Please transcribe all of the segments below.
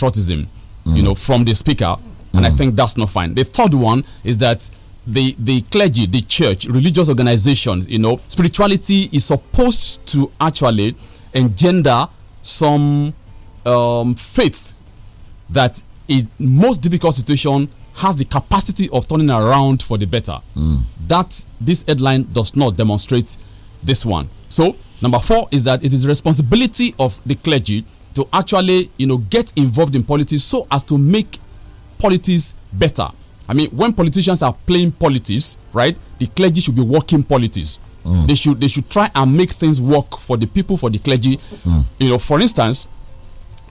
patriotism, mm. you know, from the speaker, and I mm. think that's not fine. The third one is that the the clergy, the church, religious organizations, you know, spirituality is supposed to actually engender some um, faith that in most difficult situation has the capacity of turning around for the better. Mm. That this headline does not demonstrate this one. So number four is that it is the responsibility of the clergy to actually you know get involved in politics so as to make politics better i mean when politicians are playing politics right the clergy should be working politics mm. they should they should try and make things work for the people for the clergy mm. you know for instance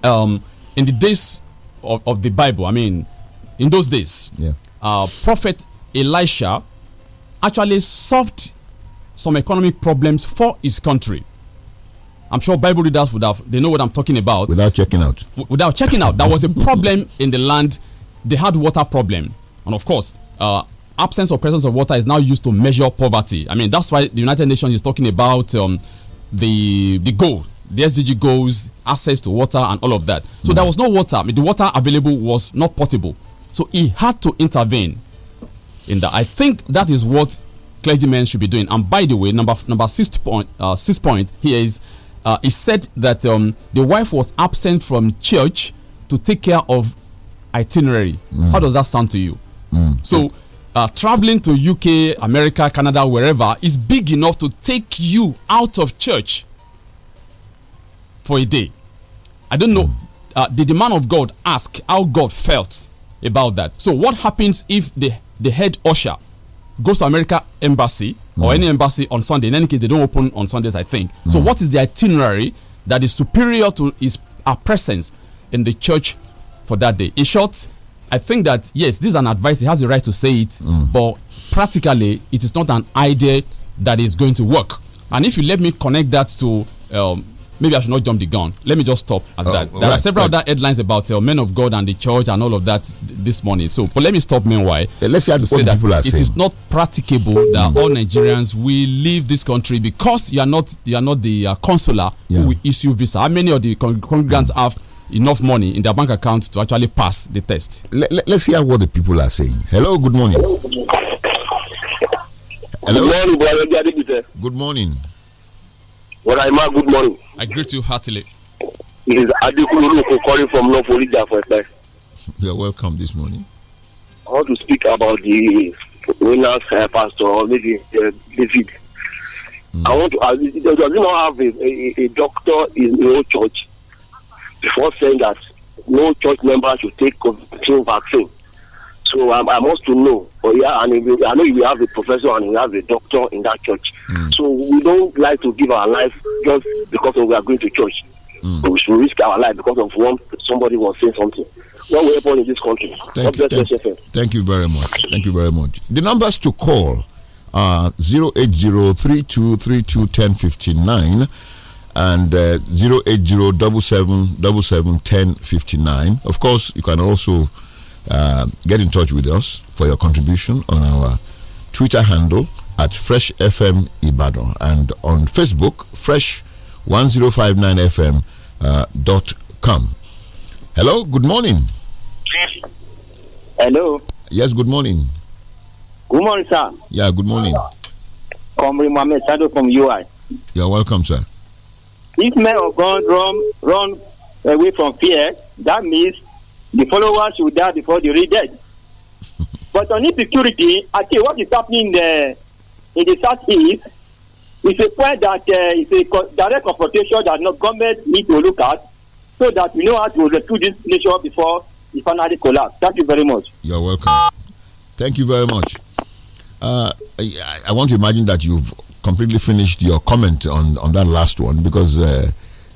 um, in the days of, of, the bible i mean in those days yeah. uh, prophet elisha actually solved some economic problems for his country I'm sure Bible readers would have, they know what I'm talking about. Without checking out. without checking out. There was a problem in the land. They had water problem. And of course, uh, absence or presence of water is now used to measure poverty. I mean, that's why the United Nations is talking about um, the, the goal, the SDG goals, access to water and all of that. So mm. there was no water. I mean, the water available was not potable. So he had to intervene in that. I think that is what clergymen should be doing. And by the way, number number six point uh, six point here is uh, he said that um, the wife was absent from church to take care of itinerary. Mm. How does that sound to you? Mm. So, uh, traveling to UK, America, Canada, wherever is big enough to take you out of church for a day. I don't know. Mm. Uh, did the man of God ask how God felt about that? So, what happens if the the head usher goes to America embassy mm. or any embassy on Sunday. In any case, they don't open on Sundays, I think. Mm. So, what is the itinerary that is superior to his our presence in the church for that day? In short, I think that yes, this is an advice. He has the right to say it, mm. but practically, it is not an idea that is going to work. And if you let me connect that to um, maybe I should not jump the gun. Let me just stop at oh, that. There right, are several right. other headlines about uh, men of God and the church and all of that this morning. So, but let me stop meanwhile. Yeah, let's hear what that people are It saying. is not practicable that mm. all Nigerians will leave this country because you are not you are not the uh, consular yeah. who will issue visa. How many of the con congregants mm. have enough money in their bank accounts to actually pass the test? Let, us hear what the people are saying. Hello, good morning. Hello. Good morning, brother. Good morning. Oraima, good morning. I greet you heartily. It is Adekunle calling from North Florida for a You are welcome this morning. I want to speak about the winners uh, pastor or maybe uh, David. Mm. I want to uh, does he not have a, a, a doctor in no church before saying that no church member should take COVID vaccine? So I, I to know. yeah, and we, I know we have a professor and we have a doctor in that church. Mm. So we don't like to give our life just because we are going to church. Mm. we should risk our life because of one somebody was saying something. What will happen in this country? Thank you, thank, thank, you very much. Thank you very much. The numbers to call are zero eight zero three two three two ten fifty nine and uh, 08077771059. Of course, you can also uh, get in touch with us for your contribution on our Twitter handle at Fresh FM Ibadan and on Facebook, Fresh 1059FM.com. Uh, dot com. Hello, good morning. Hello. Yes, good morning. Good morning, sir. Yeah, good morning. Comrade Mohammed Sado from UI. You're welcome, sir. If men of God run, run away from fear, that means the followers will die before the read dead. but on insecurity, I think what is happening in uh, the, in the southeast is a point that uh, is a direct confrontation that no government need to look at so that we know how to rescue this nation before it finally collapse. Thank you very much. You're welcome. Thank you very much. Uh, I, I, want to imagine that you've completely finished your comment on, on that last one because uh,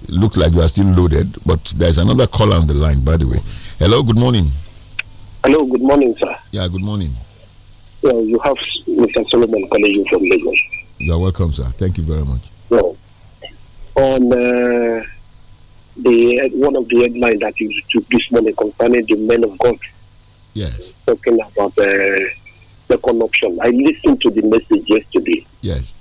it looked like you are still loaded, but there's another caller on the line, by the way. Hello, good morning. Hello, good morning, sir. Yeah, good morning. Well, you have Mr. Solomon calling you from Lagos. You're welcome, sir. Thank you very much. Well, on uh, the one of the headlines that you took this morning concerning the men of God. Yes. Talking about uh, the uh, second option. I listened to the message yesterday. Yes.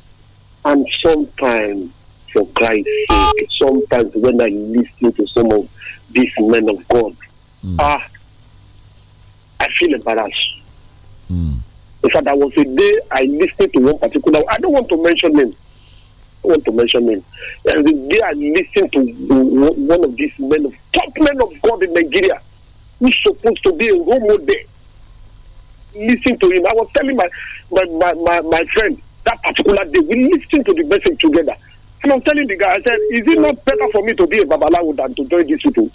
And sometimes, for Christ's sake, sometimes when I listen to some of these men of God, Mm. Ah, I feel embarrassed. Mm. In fact, there was a day I listened to one particular. I don't want to mention him. I want to mention him. And the day I listened to one of these men, of, top men of God in Nigeria, who's supposed to be a role model. Listen to him. I was telling my my, my, my, my friend that particular day, we listened to the message together. And I'm telling the guy, I said, is it not better for me to be a babalawo than to join these people?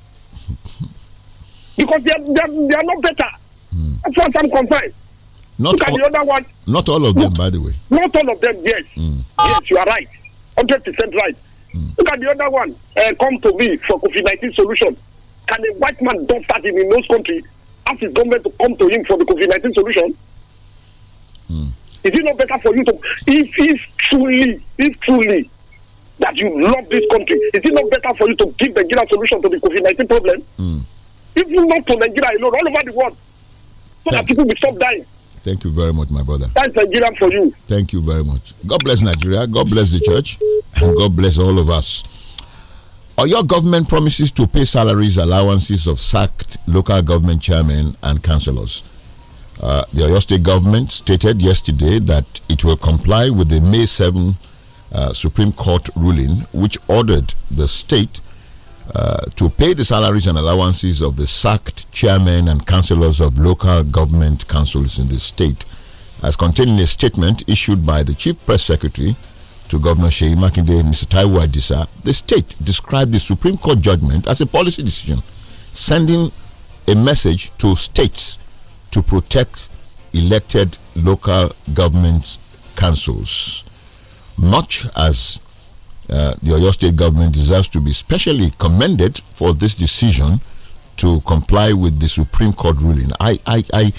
because they are, they are, they are not better. Mm. That's what I'm concerned. Not Look all, at the other one. Not all of them, by the way. Not all of them, yes. Mm. Yes, you are right. 100% right. Mm. Look at the other one. Uh, come to me for COVID 19 solution. Can a white man do that in those countries? Ask his government to come to him for the COVID 19 solution? Mm. Is it not better for you to. If, if truly, if truly that you love this country, is it not better for you to give the Guinea solution to the COVID 19 problem? Mm even not to Nigeria alone, all over the world, so Thank that people will stop dying. Thank you very much, my brother. Thanks, Nigeria, for you. Thank you very much. God bless Nigeria. God bless the church. And God bless all of us. Are Your government promises to pay salaries, allowances of sacked local government chairmen and councillors. Uh, the Oyo State government stated yesterday that it will comply with the May 7 uh, Supreme Court ruling, which ordered the state uh, to pay the salaries and allowances of the sacked chairmen and councillors of local government councils in the state, as contained in a statement issued by the Chief Press Secretary to Governor Sheyi Makinde, Mr. Taiwo Adisa. The state described the Supreme Court judgment as a policy decision, sending a message to states to protect elected local government councils. Much as uh, the Oyo State government deserves to be specially commended for this decision to comply with the Supreme Court ruling. I, I, I,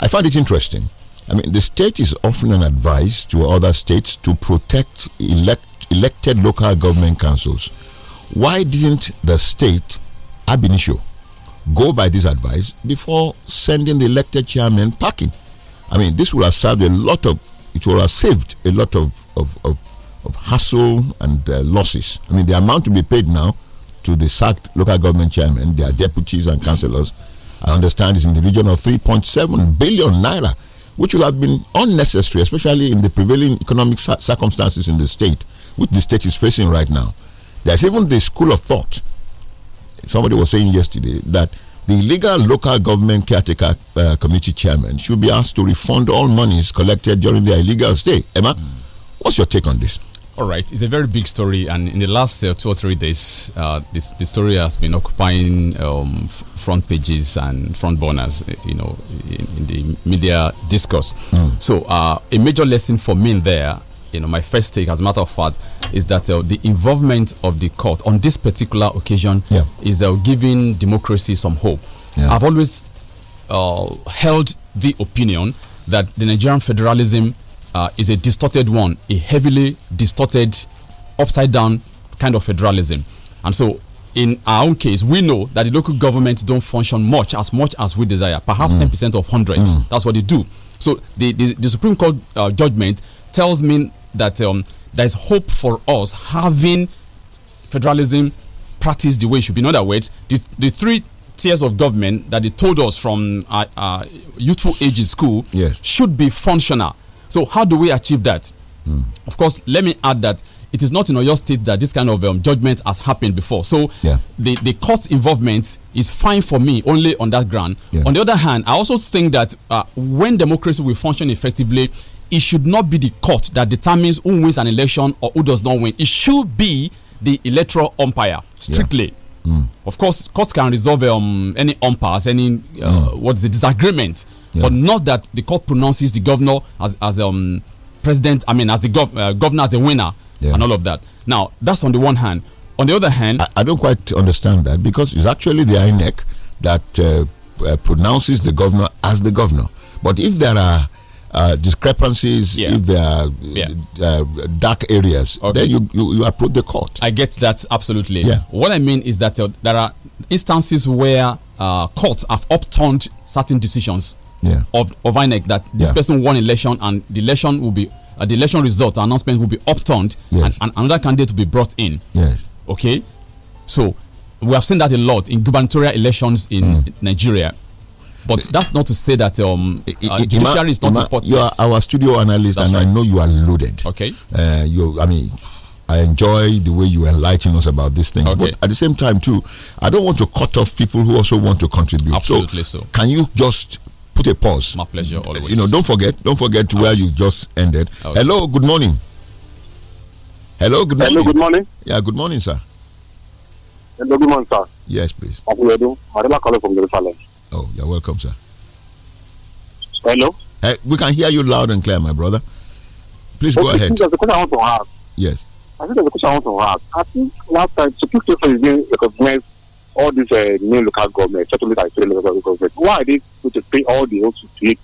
I find it interesting. I mean, the state is often an advice to other states to protect elect, elected local government councils. Why didn't the state, ab initio, go by this advice before sending the elected chairman packing? I mean, this would have saved a lot of, it would have saved a lot of, of, of of hassle and uh, losses. I mean, the amount to be paid now to the sacked local government chairman, their deputies and councillors, I understand is in the region of 3.7 billion naira, which would have been unnecessary, especially in the prevailing economic circumstances in the state, which the state is facing right now. There's even the school of thought. Somebody was saying yesterday that the legal local government caretaker uh, committee chairman should be asked to refund all monies collected during their illegal stay. Emma, mm. what's your take on this? All right, it's a very big story, and in the last uh, two or three days, uh, this the story has been occupying um, front pages and front burners, uh, you know, in, in the media discourse. Mm. So, uh, a major lesson for me there, you know, my first take, as a matter of fact, is that uh, the involvement of the court on this particular occasion yeah. is uh, giving democracy some hope. Yeah. I've always held the opinion that the Nigerian federalism uh, is a distorted one, a heavily distorted, upside down kind of federalism. And so, in our own case, we know that the local governments don't function much as much as we desire, perhaps 10% mm. of 100. Mm. That's what they do. So, the, the, the Supreme Court uh, judgment tells me that um, there's hope for us having federalism practiced the way it should be. In other words, the, the three tiers of government that they told us from our, uh, uh, youthful age in school yes. should be functional. So how do we achieve that? Mm. Of course, let me add that it is not in Oyo State that this kind of um, judgment has happened before. So yeah. the, the court involvement is fine for me only on that ground. Yeah. On the other hand, I also think that uh, when democracy will function effectively, it should not be the court that determines who wins an election or who does not win. It should be the electoral umpire strictly. Yeah. Mm. Of course, court can resolve um, any impasse, any uh, mm. what is the disagreement, yeah. but not that the court pronounces the governor as as um president. I mean, as the gov uh, governor as a winner yeah. and all of that. Now, that's on the one hand. On the other hand, I, I don't quite understand that because it's actually the INEC that uh, uh pronounces the governor as the governor. But if there are uh, discrepancies, yeah. if there are yeah. uh, dark areas, okay. then you, you, you approach the court. I get that absolutely. Yeah. What I mean is that uh, there are instances where uh, courts have upturned certain decisions yeah. of of INEC that this yeah. person won election and the election will be uh, the election result announcement will be upturned yes. and, and, another candidate will be brought in. Yes. Okay. So we have seen that a lot in gubernatorial elections in mm. Nigeria. But that's not to say that um, uh, judiciary is not important. You are our studio analyst, that's and right. I know you are loaded. Okay. Uh, you, I mean, I enjoy the way you enlighten us about these things. Okay. But at the same time, too, I don't want to cut off people who also want to contribute. Absolutely so. so. Can you just put a pause? My pleasure, uh, always. You know, don't forget, don't forget where you just ended. Okay. Hello, good morning. Hello, good morning. Hello, good morning. Yeah, good morning, sir. Hello, good morning, sir. Yes, please. How are Mariba calling from Jerusalem. Oh, you're welcome, sir. Hello. Hey, we can hear you loud and clear, my brother. Please go ahead. There's a question I want to ask. Yes. I think there's a question I want to ask. I think last time, Supreme Court is being recognized all these uh, new local governments, certainly like state local government. Why are they going to pay all the old to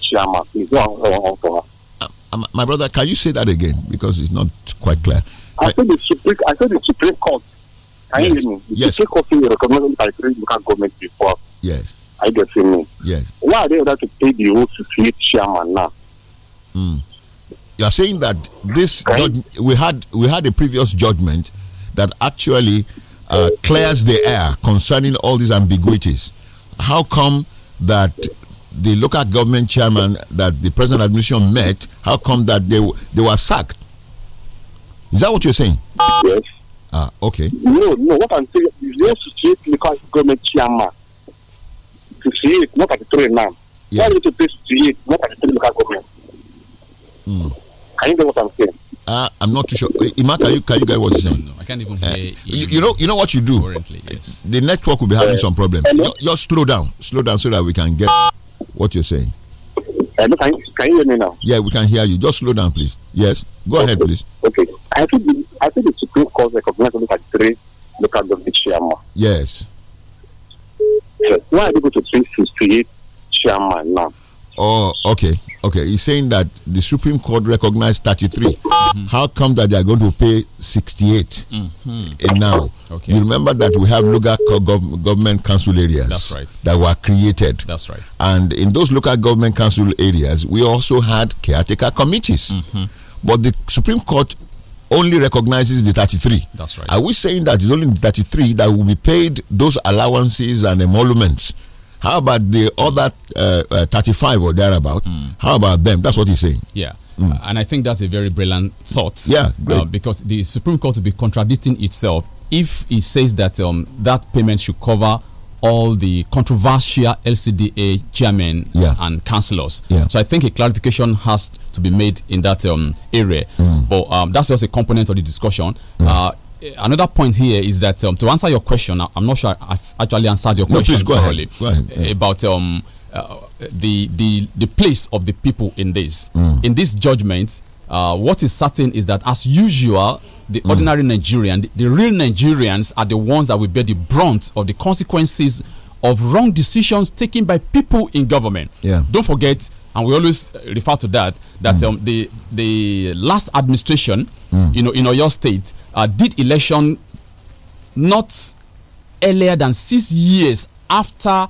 chairman? Please go on, for us. My brother, can you say that again? Because it's not quite clear. I, I said the Supreme, I said the Supreme Court. Can yes. you hear me? The yes. Supreme Court is recognized by three local governments before. Yes. I get you mean. Yes. Why are they able to pay the whole 68 chairman now? Mm. You are saying that this right? we had we had a previous judgment that actually uh, clears the air concerning all these ambiguities. How come that the local government chairman that the president administration met? How come that they they were sacked? Is that what you're saying? Yes. Ah, okay. No, no. What I'm saying is, the local government chairman create, not at the three now. Yeah. Why need to pay 68, not at the three local government? Mm. Can you get what I'm saying? Uh, I'm not too sure. Eh, Ima, can you can you get what you're saying? No, I can't even eh, hear. Uh, you, you, know, you know what you do. Currently, yes. The network will be having uh, some problems. Just, slow down, slow down, so that we can get what you're saying. Uh, can, you, can you hear me now? Yeah, we can hear you. Just slow down, please. Yes, go okay. ahead, please. Okay, I think the, I think the Supreme Court recognizes the three local government chairman. Yes why are people to pay sixty-eight chairman now? Oh, okay. Okay, he's saying that the Supreme Court recognized 33. Mm -hmm. How come that they are going to pay 68 mm -hmm. now? Okay. You remember that we have local gov government council areas That's right. that were created. That's right. And in those local government council areas, we also had caretaker committees. Mm -hmm. But the Supreme Court only recognizes the 33. That's right. Are we saying that it's only the 33 that will be paid those allowances and emoluments? How about the other uh, uh, 35 or thereabout? Mm. How about them? That's what he's saying. Yeah. Mm. Uh, and I think that's a very brilliant thought. Yeah, uh, because the Supreme Court will be contradicting itself if it says that um, that payment should cover all the controversial LCDA chairmen yeah. and councillors. Yeah. So I think a clarification has to be made in that um, area. Mm. But um, that's just a component of the discussion. Mm. Uh, another point here is that um, to answer your question, I, am not sure I've actually answered your no, question please, go thoroughly go ahead. Uh, about um, uh, the the the place of the people in this mm. in this judgment. Uh, what is certain is that, as usual, the hmm. ordinary mm. Nigerian, the, the, real Nigerians, are the ones that will bear the brunt of the consequences of wrong decisions taken by people in government. Yeah. Don't forget, and we always uh, refer to that, that mm. um, the the last administration, mm. you know, in Oyo State, uh, did election not earlier than six years after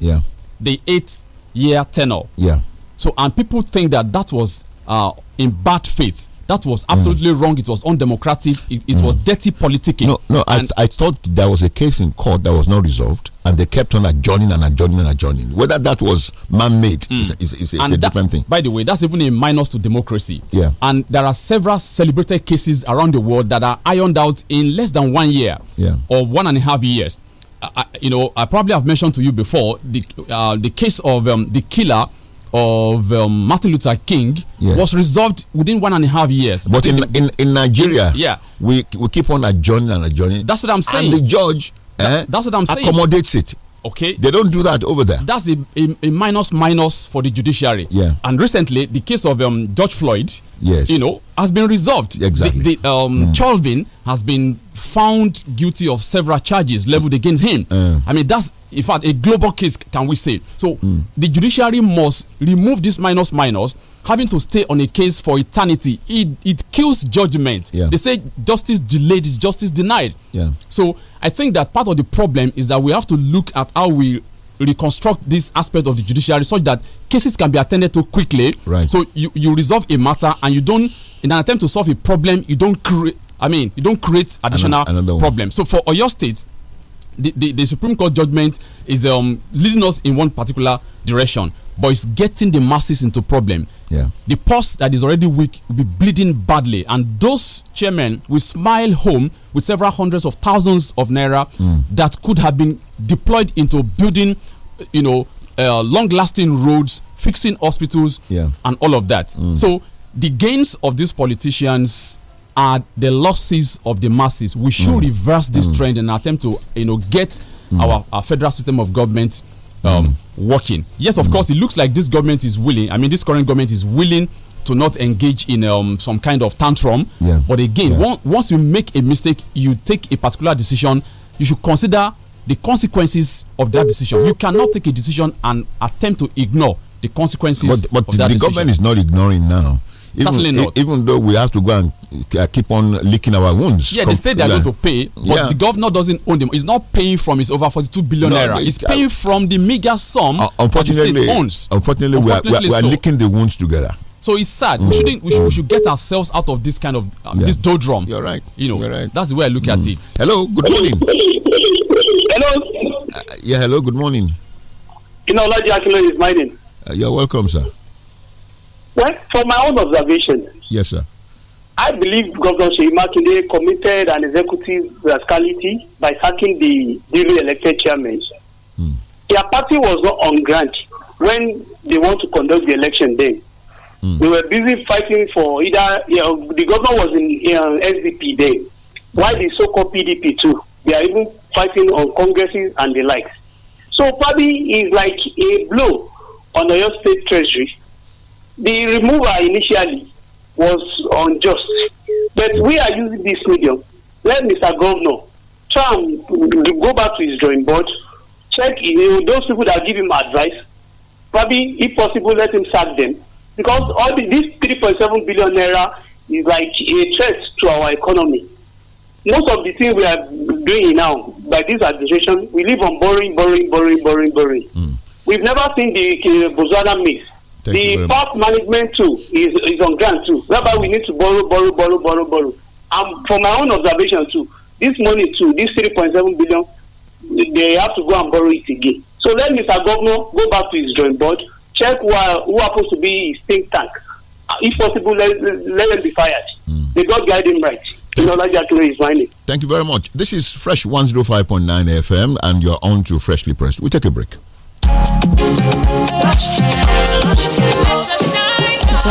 yeah. the eight year tenure. Yeah. So, and people think that that was uh, in bad faith. That was absolutely mm. wrong. It was undemocratic. It, it mm. was hmm. dirty politicking. No, no. I, I thought there was a case in court that was not resolved, and they kept on adjourning and adjourning and adjourning. Whether that was man-made mm. is, is, is, is a that, different thing. By the way, that's even a minus to democracy. Yeah. And there are several celebrated cases around the world that are ironed out in less than one year. Yeah. Or one and a half years. I, you know, I probably have mentioned to you before the uh, the case of um, the killer of um, Martin Luther King was resolved within one and a half years. But, in, in, in Nigeria, yeah, we we keep on adjourning and adjourning. That's what I'm saying. And the judge. That, eh, that's what I'm saying. Accommodates it. Okay. They don't do that over there. That's a, a, a, minus minus for the judiciary. Yeah. And recently, the case of um, George Floyd, yes. you know, has been resolved. Exactly. The, the um, mm. Chauvin has been found guilty of several charges leveled against him. Mm. I mean, that's, in fact, a global case, can we say. So mm. the judiciary must remove this minus minus having to stay on a case for eternity it it kills judgment yeah. they say justice delayed is justice denied yeah. so i think that part of the problem is that we have to look at how we reconstruct this aspect of the judiciary such that cases can be attended to quickly right so you you resolve a matter and you don't in an attempt to solve a problem you don't create i mean you don't create additional problems so for oyo state the, the, the supreme court judgment is um, leading us in one particular direction but it's getting the masses into problem. Yeah. The post that is already weak will be bleeding badly, and those chairmen will smile home with several hundreds of thousands of naira mm. that could have been deployed into building, you know, uh, long-lasting roads, fixing hospitals, yeah. and all of that. Mm. So the gains of these politicians are the losses of the masses. We should mm. reverse this hmm. trend and attempt to, you know, get hmm. our, our federal system of government um, mm. working. Yes, of mm. course, it looks like this government is willing. I mean, this current government is willing to not engage in um, some kind of tantrum. Yeah. But again, yeah. once you make a mistake, you take a particular decision, you should consider the consequences of that decision. You cannot take a decision and attempt to ignore the consequences. But, but the decision. government is not ignoring now. Even, Certainly not. Even though we have to go and uh, keep on licking our wounds. Yeah, they say they are going to pay, but yeah. the governor doesn't own them. He's not paying from his over 42 billion no, naira. He's paying from the mega sum uh, unfortunately, the state owns. Unfortunately, we are, we are, we are so. licking the wounds together. So it's sad. Mm. We shouldn't. We should, we should, get ourselves out of this kind of um, yeah. this doldrum. You're right. You know. Right. That's the way I look mm. at it. Hello. Good morning. Hello. Uh, yeah. Hello. Good morning. You know, Olaji is my name. Uh, you're welcome, sir. Well, from my own observation. Yes, sir. I believe Governor Shehi Makinde committed an executive rascality by sacking the newly elected chairman. Mm. Their party was not on grant when they want to conduct the election day. Mm. They were busy fighting for either, you know, the governor was in, in uh, SDP day. Why the so-called PDP too? They are even fighting on congresses and the likes. So probably is like a blow on the State Treasury the removal initially was unjust. But we are using this medium. Let Mr. Governor try and go back to his drawing board, check you know, those people that give him advice. Probably, if possible, let him sack them. Because all the, this 3.7 billion naira is like a threat to our economy. Most of the things we are doing now by this administration, we live on borrowing, borrowing, borrowing, borrowing, borrowing. Mm. We've never seen the uh, Botswana mix Thank the port management too is is on ground too. That's we need to borrow, borrow, borrow, borrow, borrow. And from my own observation too, this money too, this three point seven billion, they have to go and borrow it again. So let Mr. Governor go back to his drawing board, check who, are, who to be his think tank. Uh, if possible, let, let them be fired. Mm. They got guide him right. Thank you very much. This is Fresh 105.9 FM, and you're on to Freshly Pressed. We take a break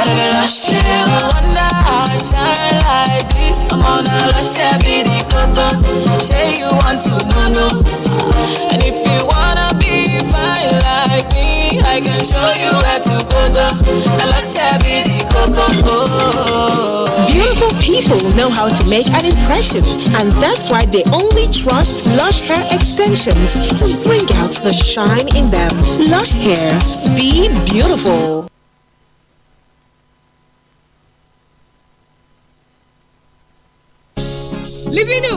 gotta be lush. I wonder how I shine like this. I'm on a lush, be the cotton. Say you want to know, no. And if you wanna be fine like me, I can show you where to go, A lush, be the cotton. Oh. Beautiful people know how to make an impression, and that's why they only trust Lush Hair Extensions to bring out the shine in them. Lush Hair, be beautiful.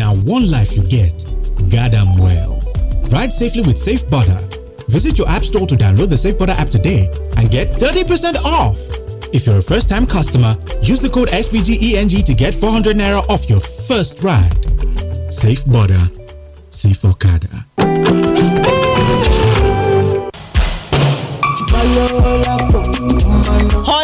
Now, one life you get, goddamn well. Ride safely with Safe Butter. Visit your app store to download the Safe Butter app today and get 30% off. If you're a first time customer, use the code SBGENG to get 400 Naira off your first ride. Safe Butter, Safe Okada.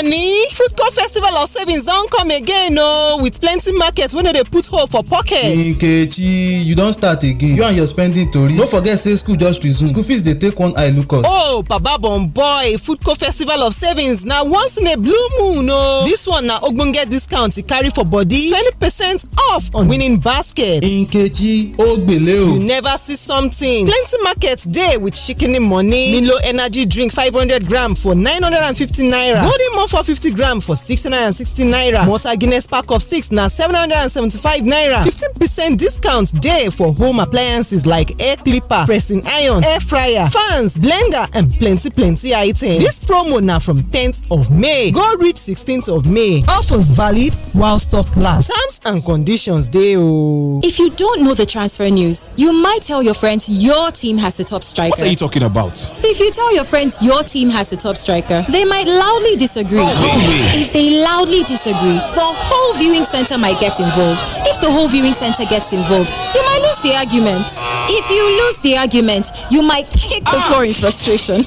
money food festival of savings don come again oh! with plenty market wey no dey put hole for pocket. nkechi you don start again you and your spending tori no forget say school just resume school fees dey take one eye look us. oh baba bon boy food festival of savings na once in a blue moon o this one na ogbonge discount e carry for body twenty percent off on winning basket. nkechi o gbele o. you never see something plenty market dey with shikini money milo energy drink five hundred gram for nine hundred and fifty naira golden moth four fifty gram for six hundred and sixty naira water guinness pack of six na seven hundred and seventy-five naira fifteen percent discount dey for home appliances like air clipper pressing iron air fryer fans blender and plenty plenty items dis promo na from tenth of may go reach sixteenth of may offers valid while stock lasts terms and conditions dey o. if you don't know the transfer news you might tell your friends your team has the top striker. what are you talking about. if you tell your friends your team has the top striker they might loudly disagree. If they loudly disagree, the whole viewing center might get involved. If the whole viewing center gets involved, you might lose the argument. If you lose the argument, you might kick the ah! floor in frustration.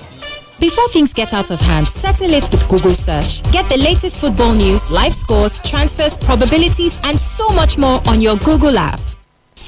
Before things get out of hand, settle it with Google Search. Get the latest football news, live scores, transfers, probabilities, and so much more on your Google app.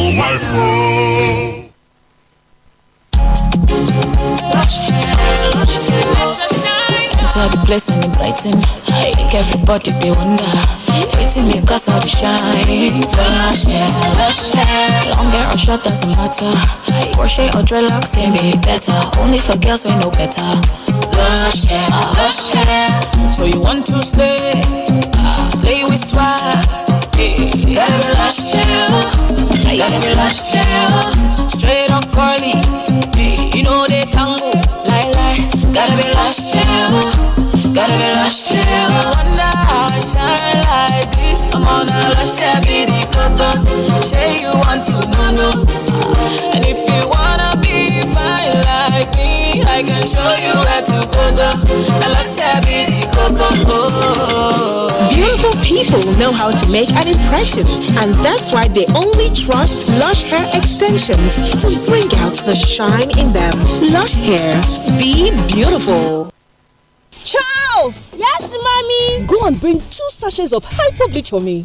double white room. It's everybody the shine. Lush hair, lush hair. Long hair or short doesn't matter. Crochet or dreadlocks better. Only for girls we know better. Lush hair, lush hair. So you want to slay? Slay with swag. got got me lash, yeah. Oh. Straight up curly. You know they tango, lie lie. Gotta be lash, yeah. Oh. Gotta be lash, yeah. I wonder how I shine like this. I'm on a lash, yeah, be the cotton. Say you want to know, no. And if you wanna be fine like me, I can show you where to go, though. know how to make an impression, and that's why they only trust Lush Hair Extensions to bring out the shine in them. Lush Hair, be beautiful. Charles! Yes, mommy! Go and bring two sachets of hyper bleach for me.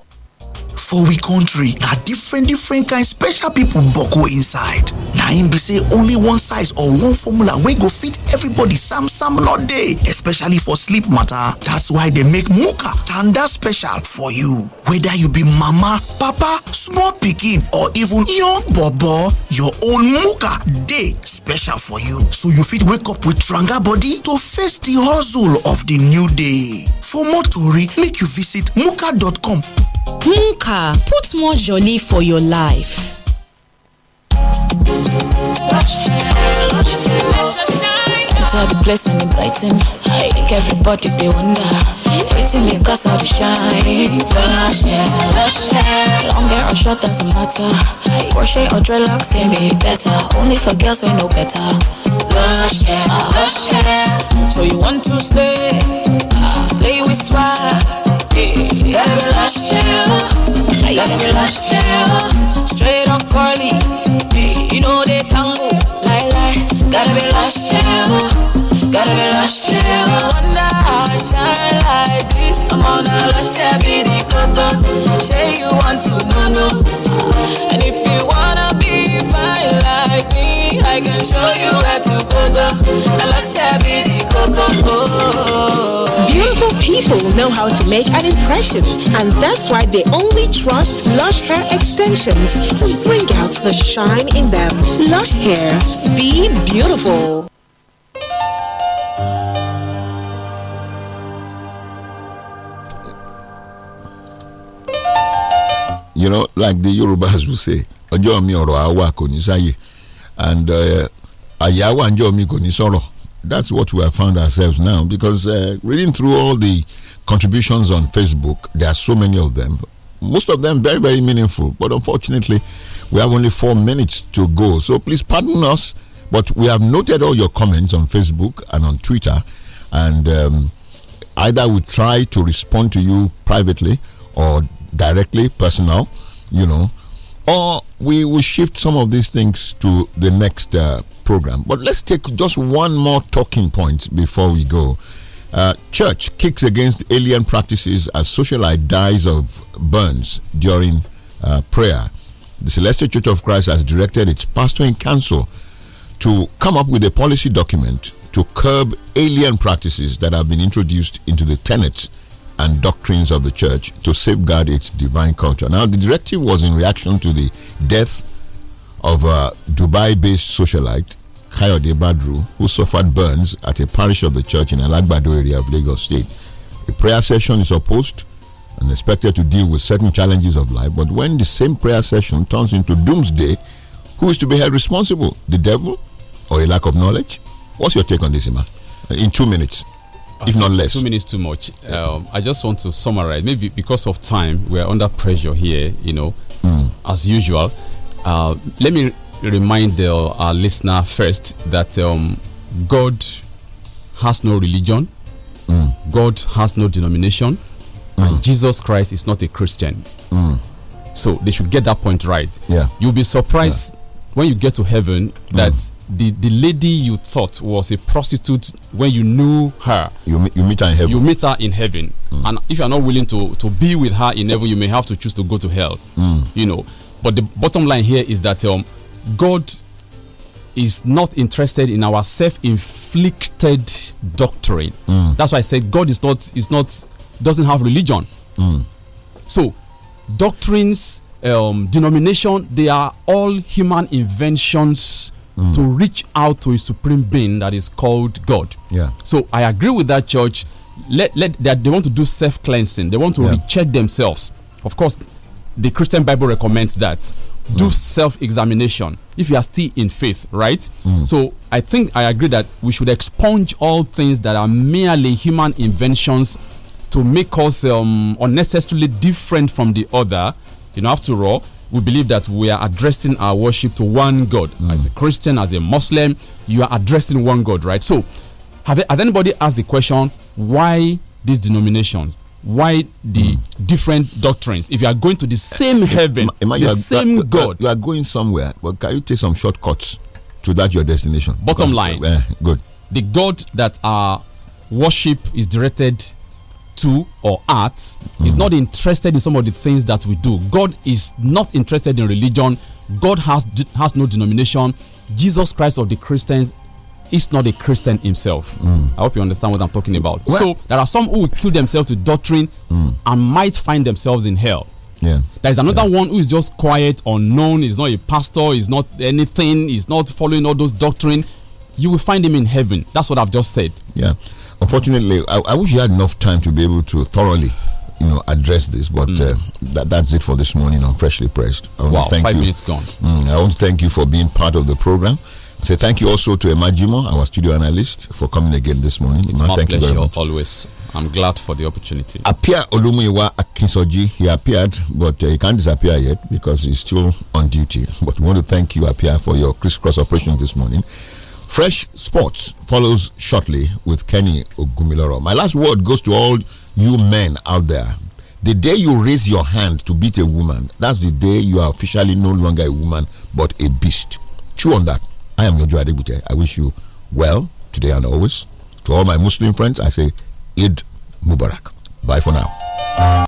for we country na different different kind special people boku inside na im be say only one size or one formula wey go fit everybody sam sam no dey especially for sleep matter that's why dem make muka tanda special for you whether you be mama papa small pikin or even young bobo your own muka dey special for you so you fit wake up with tranga body to face the hustle of the new day for more tori make you visit muka.com Nka, put more jolly for your life. It's all the place and it brighten. Make everybody they wonder. Waiting me cause all the shine. Lush hair, lush hair. Long hair or short doesn't matter. Crochet or dreadlocks can be better. Only for girls we know better. Lush hair, lush hair. So you want to slay? Slay with swag. Hey. Gotta be lush, Gotta be lush, Straight curly. You know they tango. Lie, lie. Gotta be lush, Gotta be wonder I shine like this. I'm on a Say you want to, know know, And if you want I can show you where to go go. Beautiful people know how to make an impression, and that's why they only trust Lush Hair Extensions to bring out the shine in them. Lush Hair, be beautiful. You know, like the Yorubas will say, ọjọ́ mi àwa sáyè and uh, Ayawa and Joe Miko nisoro that's what we have found ourselves now because uh, reading through all the contributions on Facebook, there are so many of them. Most of them very, very meaningful, but unfortunately, we have only four minutes to go. So please pardon us, but we have noted all your comments on Facebook and on Twitter, and um, either we try to respond to you privately or directly, personal, you know or we will shift some of these things to the next uh, program. But let's take just one more talking point before we go. Uh, church kicks against alien practices as socialite dies of burns during uh, prayer. The Celestial Church of Christ has directed its pastor in council to come up with a policy document to curb alien practices that have been introduced into the tenets and doctrines of the church to safeguard its divine culture. Now, the directive was in reaction to the death of a uh, Dubai based socialite, Kayode Badru, who suffered burns at a parish of the church in Alagbado area of Lagos State. A prayer session is opposed and expected to deal with certain challenges of life, but when the same prayer session turns into doomsday, who is to be held responsible? The devil or a lack of knowledge? What's your take on this, Ima? In two minutes if not less. Two minutes too much. Um, I just want to summarize. Maybe because of time, we're under pressure here, you know, mm. as usual. Uh, let me remind the, uh, our listener first that um, God has no religion, mm. God has no denomination, mm. and hmm. Jesus Christ is not a Christian. Hmm. So they should get that point right. Yeah. You'll be surprised yeah. when you get to heaven that hmm the the lady you thought was a prostitute when you knew her you, you meet her in heaven you meet her in heaven mm. and if you're not willing to to be with her in heaven you may have to choose to go to hell mm. you know but the bottom line here is that um, god is not interested in our self-inflicted doctrine mm. that's why i said god is not is not doesn't have religion mm. so doctrines um, denomination they are all human inventions to reach out to a supreme being that is called God. Yeah. So I agree with that church. Let let that they want to do self cleansing. They want to yeah. recheck themselves. Of course, the Christian Bible recommends that do mm. self examination if you are still in faith, right? Mm. So I think I agree that we should expunge all things that are merely human inventions to make us um, unnecessarily different from the other. You know, after all, we believe that we are addressing our worship to one God. Mm. As a Christian, as a Muslim, you are addressing one God, right? So, have, has anybody asked the question why these denominations? Why the mm. different doctrines? If you are going to the same heaven, Am, the same are, God, you are going somewhere. But can you take some shortcuts to that your destination? Bottom because, line, uh, good. The God that our worship is directed to or at. Mm. not interested in some of the things that we do. God is not interested in religion. God has has no denomination. Jesus Christ of the Christians is not a Christian himself. Mm. I hope you understand what I'm talking about. Well, so there are some who will kill themselves to doctrine mm. and might find themselves in hell. Yeah. There is another yeah. one who is just quiet, unknown, is not a pastor, is not anything, is not following all those doctrine. You will find him in heaven. That's what I've just said. Yeah. Unfortunately, I, I wish you had enough time to be able to thoroughly you know address this but mm. uh, that, that's it for this morning on freshly pressed I wow five you. minutes gone mm, i want to thank you for being part of the program say thank you also to Emma our studio analyst, for coming again this morning. It's my thank pleasure, you very much. always. I'm glad for the opportunity. Appear Olumuyiwa Akinsoji, he appeared, but uh, he can't disappear yet because he's still on duty. But we want to thank you, Appear, for your crisscross operation this morning. Fresh Sports follows shortly with Kenny Ogumiloro. My last word goes to all you men out there. The day you raise your hand to beat a woman, that's the day you are officially no longer a woman but a beast. Chew on that. I am Nojo Adebute. I wish you well today and always. To all my Muslim friends, I say Eid Mubarak. Bye for now.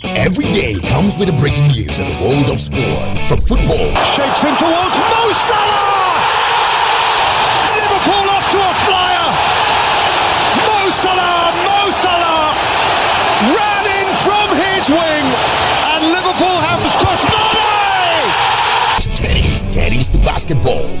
Every day comes with the breaking news in the world of sport. From football, shapes in towards Mo Salah. Liverpool off to a flyer. Mo Salah, Mo Salah ran in from his wing, and Liverpool have crossed Mane. Tennis, tennis to basketball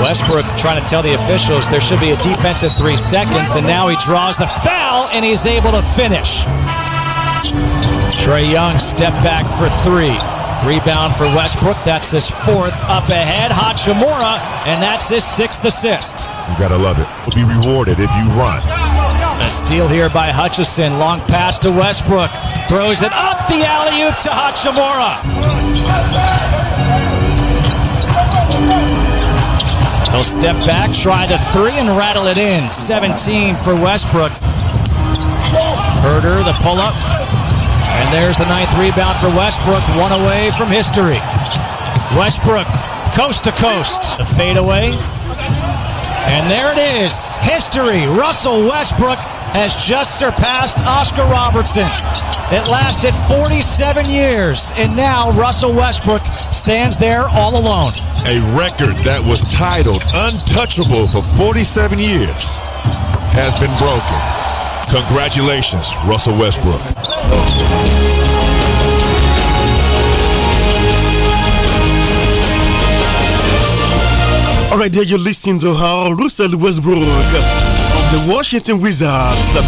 Westbrook trying to tell the officials there should be a defensive three seconds, and now he draws the foul and he's able to finish. Trey Young step back for three. Rebound for Westbrook. That's his fourth up ahead. Hachimura, and that's his sixth assist. You gotta love it. You'll be rewarded if you run. A steal here by Hutchison. Long pass to Westbrook. Throws it up the alley oop to Hachimura. He'll step back, try the three, and rattle it in. 17 for Westbrook. Herder, the pull up. And there's the ninth rebound for Westbrook, one away from history. Westbrook, coast to coast. The fadeaway. And there it is. History. Russell Westbrook has just surpassed Oscar Robertson. It lasted 47 years, and now Russell Westbrook stands there all alone. A record that was titled untouchable for 47 years has been broken. Congratulations, Russell Westbrook. All right, there you're listening to how Russell Westbrook the Washington Wizards, um,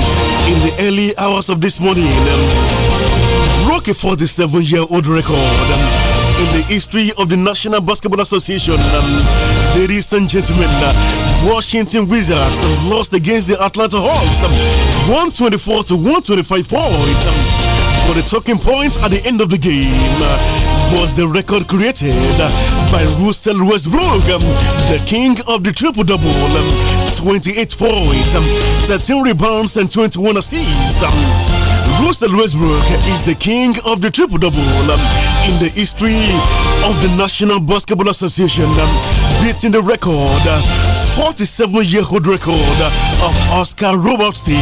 in the early hours of this morning, um, broke a 47 year old record um, in the history of the National Basketball Association. Um, ladies and gentlemen, uh, Washington Wizards um, lost against the Atlanta Hawks um, 124 to 125 points. but the talking points at the end of the game. Uh, was the record created uh, by Russell Westbrook, um, the king of the triple double. Um, 28 points, um, 13 rebounds, and 21 assists. Um, Russell Westbrook is the king of the triple double um, in the history of the National Basketball Association, um, beating the record. Uh, 47 year old record of Oscar Robertson.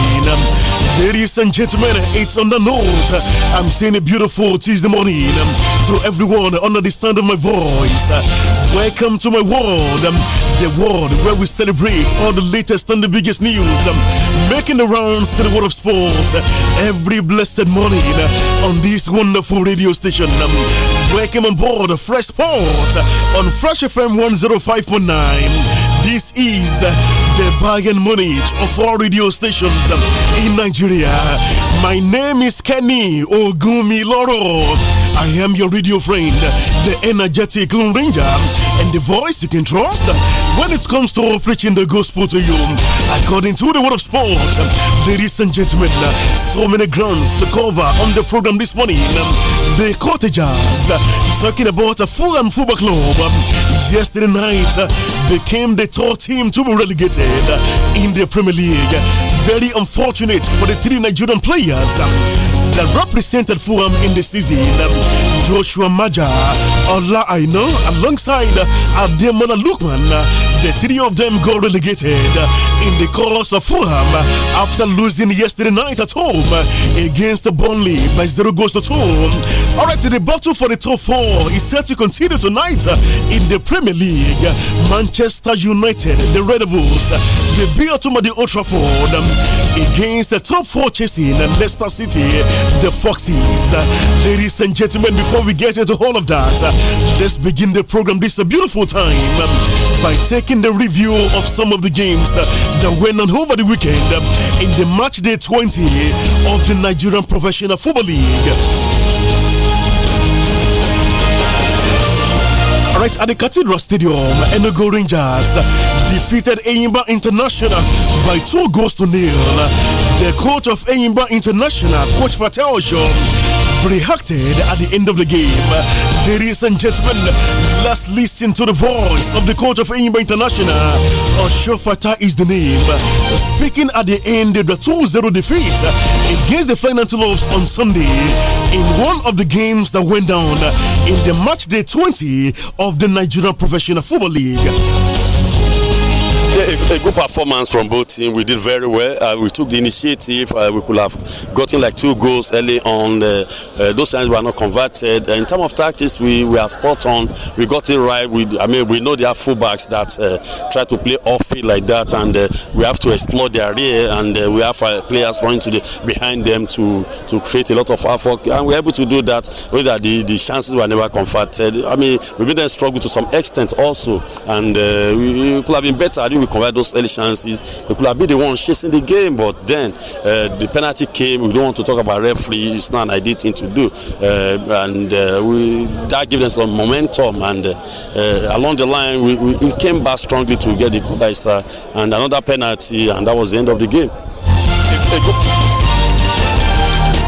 Ladies and gentlemen, it's on the note. I'm saying a beautiful Tuesday morning to everyone under the sound of my voice. Welcome to my world, the world where we celebrate all the latest and the biggest news, making the rounds to the world of sports every blessed morning on this wonderful radio station. Welcome on board Fresh Sport on Fresh FM 105.9. This is the bargain money of all radio stations in Nigeria. My name is Kenny Ogumiloro. I am your radio friend, the energetic Lone Ranger and the voice you can trust when it comes to preaching the gospel to you. According to the word of sport, ladies and gentlemen, so many grounds to cover on the program this morning. The Cottagers, talking about a Fulham Football Club. Yesterday night became the top team to be relegated in the Premier League. Very unfortunate for the three Nigerian players that represented Fulham in the season. Joshua Maja, Ola Aina, alongside Ademola Lukman. The three of them got relegated in the colours of Fulham after losing yesterday night at home against Burnley by zero goals to two. All right, the battle for the top four is set to continue tonight in the Premier League. Manchester United, the Red Bulls, the beat to the Old Trafford against the top four chasing Leicester City, the Foxes. Ladies and gentlemen, before we get into all of that, let's begin the program. This is a beautiful time by taking in the review of some of the games that went on over the weekend in the match day 20 of the Nigerian Professional Football League. Right at the Cathedral Stadium, Enugu Rangers defeated Enyimba International by two goals to nil. The coach of Enyimba International, Coach Fatel Oshon, reacted at the end of the game. Ladies and gentlemen, Let's listen to the voice of the coach of Enyimba International. Oshofata is the name. Speaking at the end of the 2-0 defeat against the Financial Antelopes on Sunday in one of the games that went down in the match day 20 of the Nigerian Professional Football League a good performance from both teams. We did very well. Uh, we took the initiative. Uh, we could have gotten like two goals early on. Uh, uh those times were not converted. in terms of tactics, we, we are spot on. We got it right. We, I mean, we know there are fullbacks that uh, try to play off it like that, and uh, we have to explore their rear, and we have players running to the, behind them to, to create a lot of effort. And we're able to do that. Only that the, the chances were never converted. I mean, we made them struggle to some extent also, and we, we could have been better. I think we converted those early chances. They could have been the ones chasing the game, but then uh, the penalty came. We don't want to talk about referee. It's not an ideal thing to do, uh, and uh, we that gave us some momentum. And uh, uh, along the line, we, we, we, came back strongly to get the Kudaisa and another penalty, and that was the end of the game.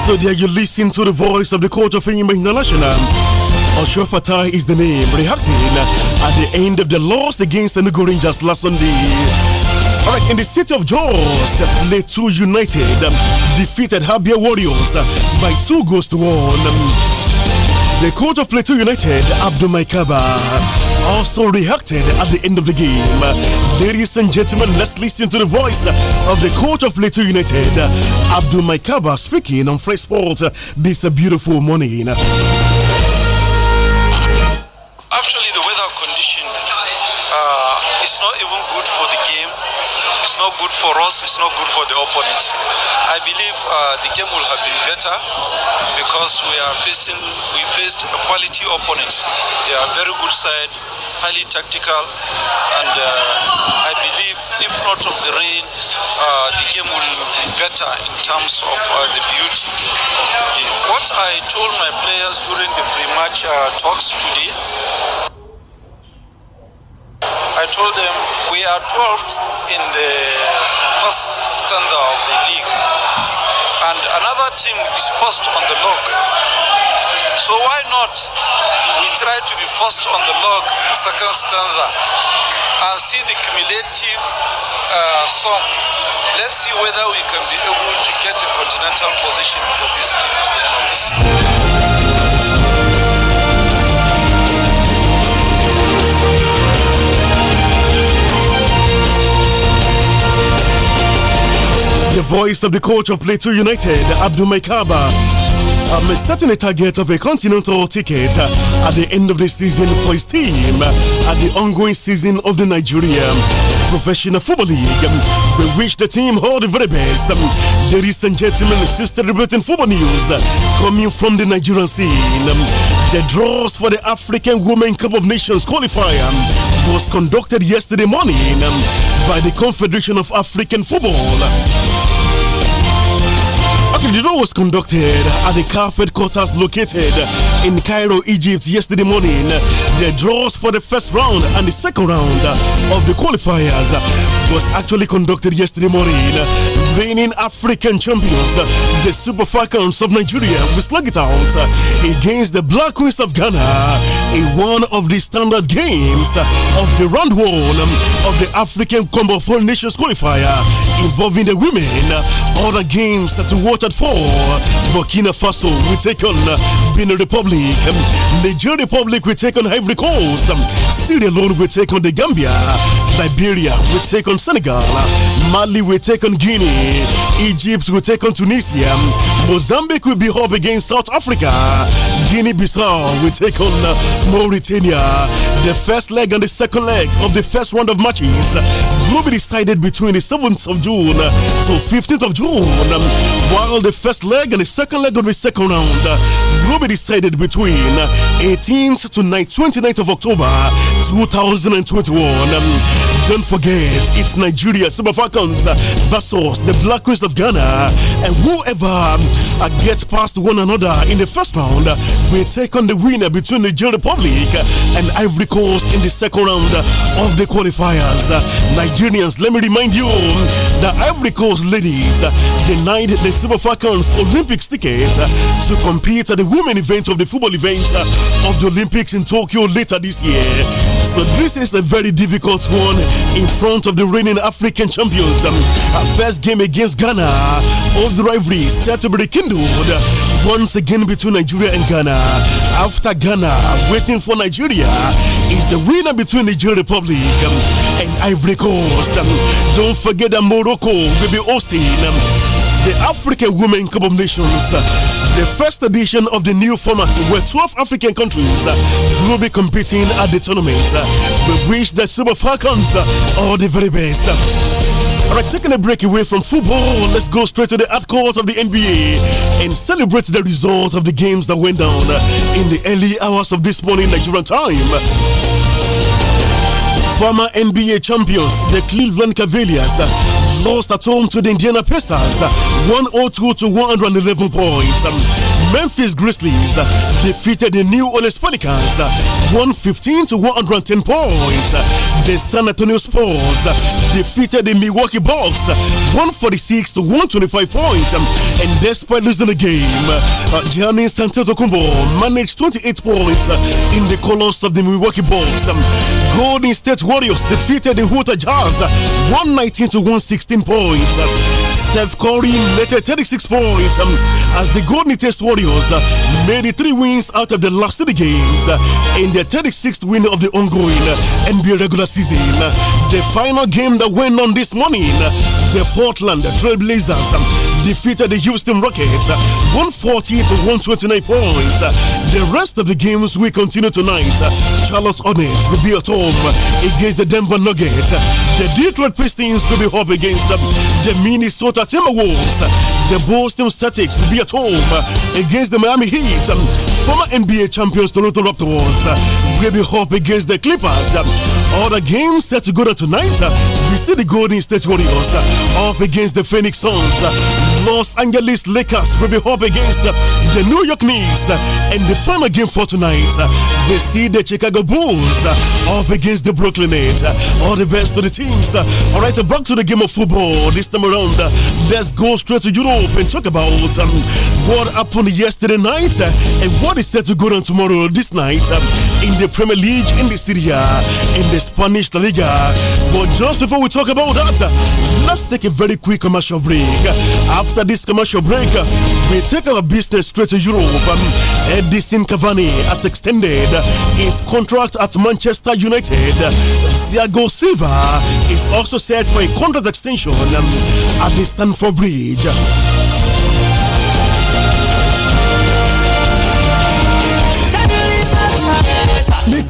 So there you listen to the voice of the coach of England International. Osho Fatai is the name, reacting at the end of the loss against the Nugu Rangers last Sunday. All right, in the city of Jos, Plateau United um, defeated Habia Warriors uh, by two goals to one. Um, the coach of Plateau United, Abdul Maikaba, also reacted at the end of the game. Uh, ladies and gentlemen, let's listen to the voice of the coach of Plateau United, Abdul Maikaba, speaking on Fresh Sport this beautiful morning. Actually, the weather condition uh, is not even good for the game. It's not good for us. It's not good for the opponents. I believe uh, the game will have been better because we are facing we faced quality opponents. They are very good side, highly tactical, and uh, I believe if not of the rain, uh, the game will be better in terms of uh, the beauty of the game. What I told my players during the pre-match uh, talks today, I told them we are 12th in the first standard of the league, and another team is first on the log. So why not we try to be first on the log in second stanza? and see the cumulative uh, sum. Let's see whether we can be able to get a continental position for this team at the end of the season. the voice of the coach of Plateau United, Abdul Maikaba, um, am setting a target of a continental ticket at the end of the season for his team at the ongoing season of the Nigeria Professional Football League. Um, we wish the team all the very best. Um, ladies and gentlemen, of is football news uh, coming from the Nigerian scene. Um, the draws for the African Women Cup of Nations qualifier was conducted yesterday morning by the Confederation of African Football. The draw was conducted at the CAF headquarters located in Cairo, Egypt yesterday morning. The draws for the first round and the second round of the qualifiers was actually conducted yesterday morning. Reigning African champions, the Super Falcons of Nigeria, will slug it out against the Black Queens of Ghana in one of the standard games of the round one of the African Combo Four Nations qualifier involving the women. Other games to watch out for Burkina Faso we take on uh, Benin Republic, um, Niger Republic we take on Ivory Coast, um, Sierra Leone we take on the Gambia, Liberia we take on Senegal, Mali we take on Guinea, Egypt we take on Tunisia, um, Mozambique will be up against South Africa, Guinea Bissau we take on uh, Mauritania. The first leg and the second leg of the first round of matches will be decided between the 7th of June. June to 15th of June, while the first leg and the second leg of the second round will be decided between 18th to 29th of October 2021. Don't forget, it's Nigeria Super Falcons versus the Black Queens of Ghana. And whoever uh, gets past one another in the first round will take on the winner between the Nigeria Republic and Ivory Coast in the second round of the qualifiers. Nigerians, let me remind you the Ivory Coast ladies denied the Super Falcons Olympics ticket to compete at the women event of the football event of the Olympics in Tokyo later this year. So this is a very difficult one in front of the reigning African champions. Um, first game against Ghana, old rivalry set to be rekindled once again between Nigeria and Ghana. After Ghana, waiting for Nigeria is the winner between Nigeria Republic um, and Ivory Coast. Um, don't forget that Morocco will be hosting um, the African Women Cup of Nations. Uh, the first edition of the new format, where 12 African countries will be competing at the tournament. We wish the Super Falcons all the very best. All right, taking a break away from football, let's go straight to the hard court of the NBA and celebrate the result of the games that went down in the early hours of this morning, Nigerian time. Former NBA champions, the Cleveland Cavaliers lost at home to the Indiana Pacers 102 to 111 points. Um, Memphis Grizzlies uh, defeated the New Orleans Pelicans uh, 115 to 110 points. Uh, the San Antonio Spurs defeated the Milwaukee Bucks 146 to 125 points. Um, and despite losing the game, Giannis Antetokounmpo managed 28 points in the colors of the Milwaukee Bucks. Um, Golden State Warriors defeated the Utah Jazz 119 to 116 points. Um, Steph Curry netted 36 points as the Golden State Warriors Warriors made it three wins out of the last three games in the 36th win of the ongoing NBA regular season. The final game that went on this morning, the Portland Trailblazers defeated the Houston Rockets 140 to 129 points. The rest of the games we continue tonight. Charlotte Hornets will be at home against the Denver Nuggets. The Detroit Pistons will be up against the Minnesota Timberwolves. The Boston Celtics will be at home against the Miami Heat. Former NBA champions Toronto Raptors will be up against the Clippers. All the games set to go tonight. We see the Golden State Warriors up against the Phoenix Suns. Los Angeles Lakers will be up against uh, the New York Knicks. And uh, the final game for tonight, they uh, see the Chicago Bulls up against the Brooklyn Nets. All the best to the teams. All right, back to the game of football this time around. Let's go straight to Europe and talk about um, what happened yesterday night and what is set to go on tomorrow this night um, in the Premier League, in the Serie A, in the Spanish La Liga. But just before we talk about that, Let's take a very quick commercial break. After this commercial break, we take our business straight to Europe. Um, Edison Cavani has extended his contract at Manchester United. Thiago Silva is also set for a contract extension um, at the Stanford Bridge.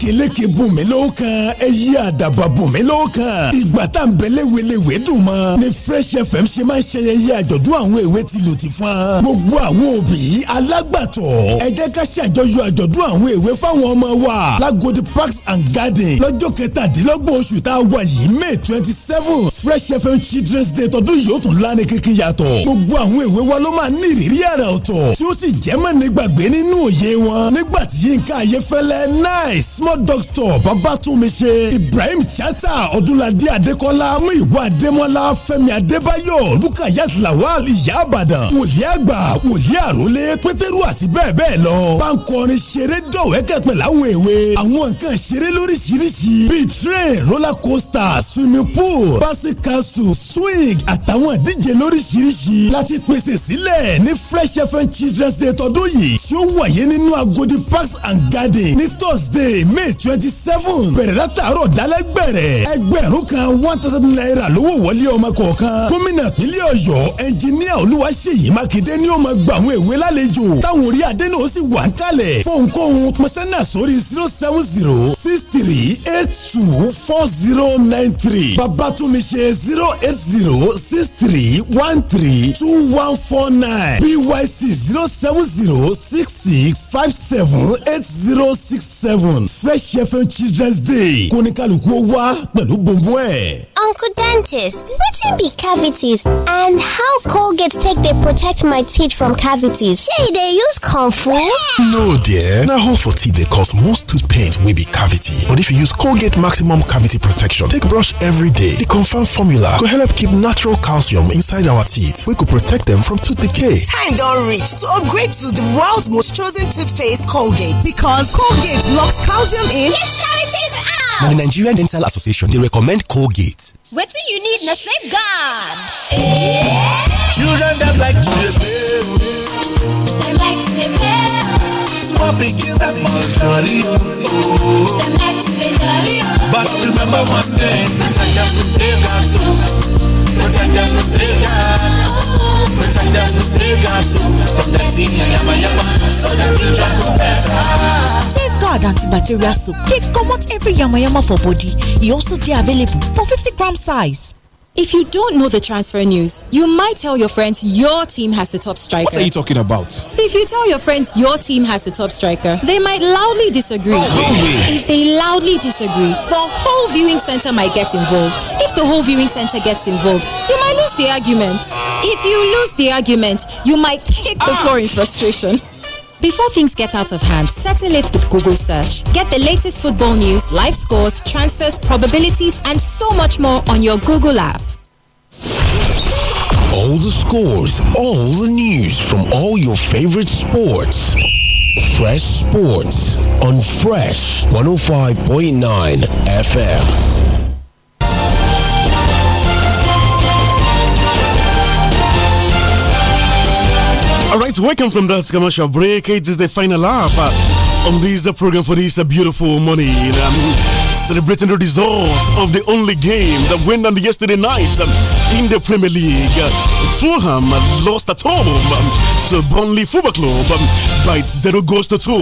eléke bùn mí lówó kan ẹyí àdàbà bùn mí lówó kan ìgbà tá n bẹ̀lẹ̀ welewe dùn mọ́ ni Fresh FM ṣe máa ń ṣayẹyẹ àjọ̀dún àwọn èwe ti lò ti fún gbogbo àwọn òbí alágbàtọ̀ ẹ jẹ́ ká ṣàjọyọ̀ àjọ̀dún àwọn èwe fáwọn ọmọ wa lágodi parks and garden lọ́jọ́ kẹtàdínlọ́gbọ̀n oṣù tá a wà yìí May twenty seven Fresh FM Children's Day tọdún yóò tún lánàá kékeré yàtọ̀ gbogbo àwọn èwe wa ló máa ní ìrírí àrà ọ̀tọ̀ tí ó sì jẹ́ mọ́ nígbàgbé nínú òye wọn nígbà tí Yínká Ayéfẹ́lẹ́ nice small doctor babatunmi ṣe ibrahim chata ọdúnladé adékọ́lá muyiwa adémọ́lá fẹ́mi adébáyọ̀ rukaya lawal ìyá àbàdàn wòlíì àgbà wòlíì àrólé pétérù àti bẹ́ẹ̀ bẹ́ẹ̀ lọ bankọrin ṣeré dọ̀wẹ́kẹ̀ pẹ̀lú àwọn èwe àwọn nǹkan ṣeré lóríṣiríṣi bíi train roller coaster swimming pool basi castle swing àtàwọn ìdíje lóríṣiríṣi láti pèsè sílẹ̀ ní fresh fm children's day tọdún yìí tí wáyé nínú agodi parks and garden ní thursday may twenty seven bẹ̀rẹ̀ látàárọ̀ dálẹ́ gbẹ̀rẹ̀ ẹgbẹ̀rún kan one thousand naira lówó wọlé ọmọ kọ̀ọ̀kan gómìnà pínlẹ̀ ọ̀yọ́ ẹnjiníà olúwaṣeyì mákindé ni ó máa gba àwọn ìwé lálejò táwọn orí adé náà sì wà ń kalẹ̀ fóònkóhun pẹ́sẹ́nà sórí zero seven zero six three eight two four zero nine three babatunmi ṣe zero eight zero six three one three two one four nine byc zero seven zero six six five seven eight zero six seven. Fresh FM Children's Day wá pẹ̀lú ẹ̀. Uncle dentist, wetin be cavities and how Colgate take dey protect my teeth from cavities? Say e dey use comfort? No dear, na hole for teeth dey cause most tooth pain wey be cavity. But if you use Colgate Maximum Cavity Protection take brush every day, the confirmed formula go help keep natural calcium inside our teeth wey go protect them from tooth decay. Time don reach to upgrade to the world's most chosen toothpaste Colgate because Colgate locks calcium calcium in? Yes, now it is out! the Nigerian Dental Association, they recommend Colgate. What do you need in a safeguard? Children that like to play. They like to play. Small pigs that must jolly. Oh. They like to play jolly. But remember one thing, protect them from safeguard too. Oh. Protect them from safeguard. Protect them from safeguard too. Oh. From the team, yama yama, so the future will be better guard antibacterial soap dey comot every yamayama for body e also dey available for fifty gram size. If you don't know the transfer news, you might tell your friends your team has the top striker. What are you talking about? If you tell your friends your team has the top striker, they might loudly disagree. Oh, really? If they loudly disagree, the whole viewing center might get involved. If the whole viewing center gets involved, you might lose the argument. If you lose the argument, you might kick the ah. floor in frustration. Before things get out of hand, settle it with Google search. Get the latest football news, live scores, transfers, probabilities, and so much more on your Google app. All the scores, all the news from all your favorite sports. Fresh Sports on Fresh 105.9 FM. Let's welcome from that commercial break. It is the final lap uh, on this uh, program for this uh, beautiful morning. Um, celebrating the result of the only game that went on yesterday night um, in the Premier League. Fulham lost at home um, to Burnley Football Club um, by zero goals to two.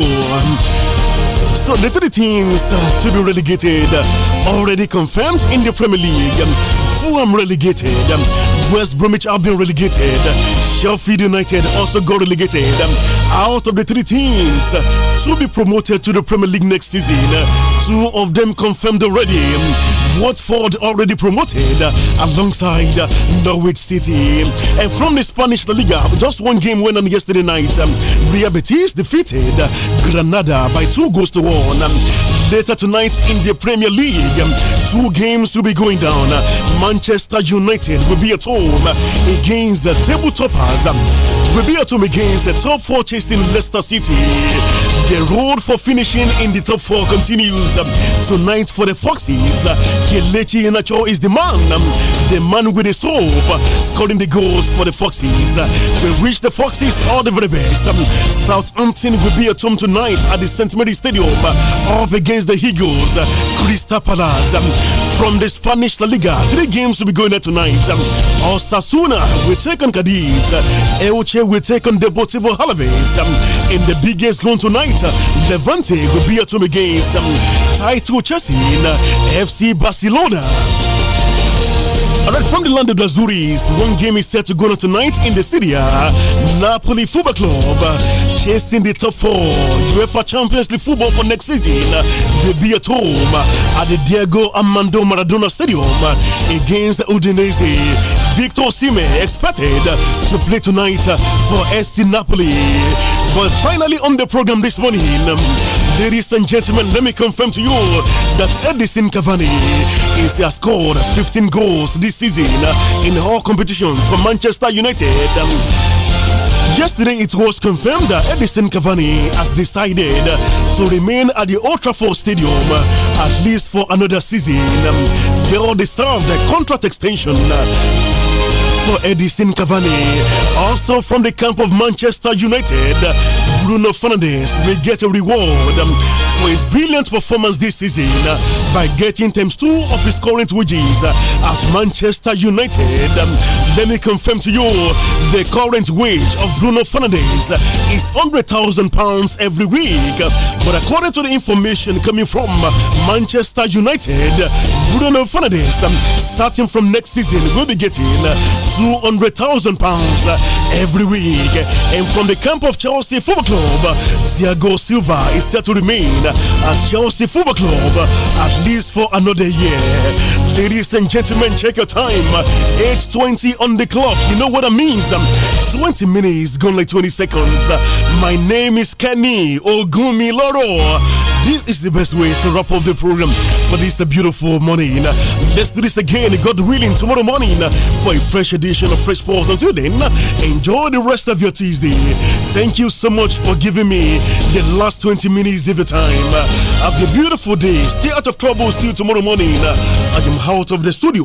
So the three teams to be relegated already confirmed in the Premier League. Fulham relegated. Um, West Bromwich have been relegated. Sheffield United also got relegated. Um, out of the three teams to be promoted to the Premier League next season, two of them confirmed already. Um, Watford already promoted uh, alongside uh, Norwich City. And from the Spanish La Liga, just one game went on yesterday night. Real Betis defeated uh, Granada by two goals to one later tonight in the Premier League. Two games will be going down. Manchester United will be at home against the table toppers home against the top four chasing Leicester City. The road for finishing in the top four continues tonight for the Foxes. Kelechi Inacho is the man, the man with the soap, scoring the goals for the Foxes. We wish the Foxes all the very best. Southampton will be at home tonight at the St Mary's Stadium, up against the Eagles, Crystal Palace. From the Spanish La Liga, three games will be going there tonight. Osasuna will take on Cadiz. Elche will take on Deportivo Alaves um, in the biggest game tonight. Uh, Levante will be at home against um, title chasing uh, FC Barcelona. Alright, from the land of the Azuris, one game is set to go on tonight in the Serie Napoli Football Club uh, chasing the top four UEFA Champions League football for next season. They'll be at home at the Diego Armando Maradona Stadium against Udinese. Victor Sime expected to play tonight for SC Napoli. Well, finally on the program this morning, um, ladies and gentlemen, let me confirm to you that Edison Cavani is, has scored 15 goals this season uh, in all competitions for Manchester United. Um, Yesterday, it was confirmed that Edison Cavani has decided uh, to remain at the Old Trafford Stadium uh, at least for another season. Um, they all deserve the contract extension for Edison Cavani. Also from the camp of Manchester United, Bruno Fernandes will get a reward um, for his brilliant performance this season uh, by getting times two of his current wages uh, at Manchester United. Um, let me confirm to you the current wage of Bruno Fernandes uh, is £100,000 every week. But according to the information coming from Manchester United, Bruno Fernandes, um, starting from next season, will be getting uh, £200,000 uh, every week. And from the camp of Chelsea Football Club, Club, Thiago Silva is set to remain at Chelsea Football Club at least for another year. Ladies and gentlemen, check your time. 8.20 on the clock. You know what that means? Um, 20 minutes gone like 20 seconds. My name is Kenny Ogumiloro. This is the best way to wrap up the program for this beautiful morning. Let's do this again, God willing, tomorrow morning for a fresh edition of Fresh Sports. Until then, enjoy the rest of your Tuesday. Thank you so much for giving me the last 20 minutes of your time. Have a beautiful day. Stay out of trouble. See you tomorrow morning out of the studio.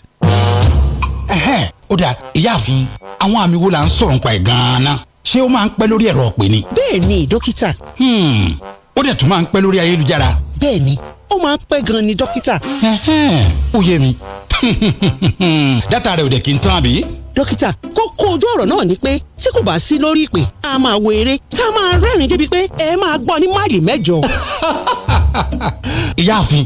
service. ẹ̀hẹ́ ó dáa ìyáàfin àwọn àmì wo la ń sọ̀rọ̀ nípa ẹ̀ gan-an ná ṣé ó máa ń pẹ́ lórí ẹ̀rọ ọ̀pẹ ni. bẹ́ẹ̀ni dókítà. Hmm, ó dẹ̀ tún máa ń pẹ́ lórí ayélujára. bẹ́ẹ̀ni ó máa ń pẹ́ gan-an ni dókítà. ó yé mi dátà rẹ̀ ò dẹ̀ kí n tán àbí. dókítà kókó ojú ọ̀rọ̀ náà ni pé tí kò bá sí lórí ìpè a máa wo eré tá a máa rẹ́rìn-ín débi pé ẹ máa gbọ́ ní máìlì mẹ́jọ. ìyáàfin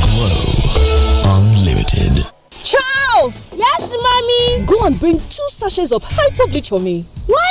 Glow Unlimited. Charles! Yes, mommy? Go and bring two sachets of hyper bleach for me. Why?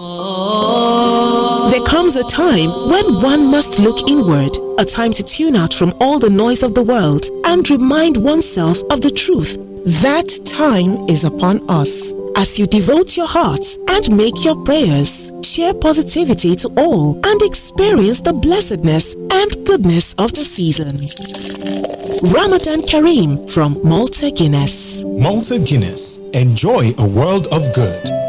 There comes a time when one must look inward, a time to tune out from all the noise of the world and remind oneself of the truth. That time is upon us. As you devote your hearts and make your prayers, share positivity to all and experience the blessedness and goodness of the season. Ramadan Kareem from Malta Guinness. Malta Guinness. Enjoy a world of good.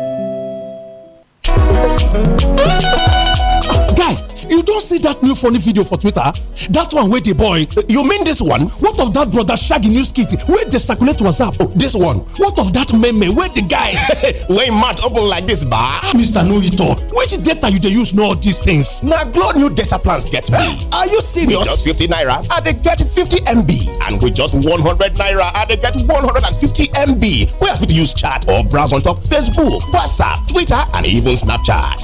don see that new funny video for twitter That one wey dey boy you mean this one? what of that brother shaggy news skit? wey dey circulate whatsapp oh This one what of that meme wey the guy wey im mouth open like this, ba ah, mr no which data you dey use know all these things na glow new data plans get me are you serious with just 50 naira i dey get 50mb and with just 100 naira i dey get 150mb wey i fit use chat or browse on top facebook whatsapp twitter and even snapchat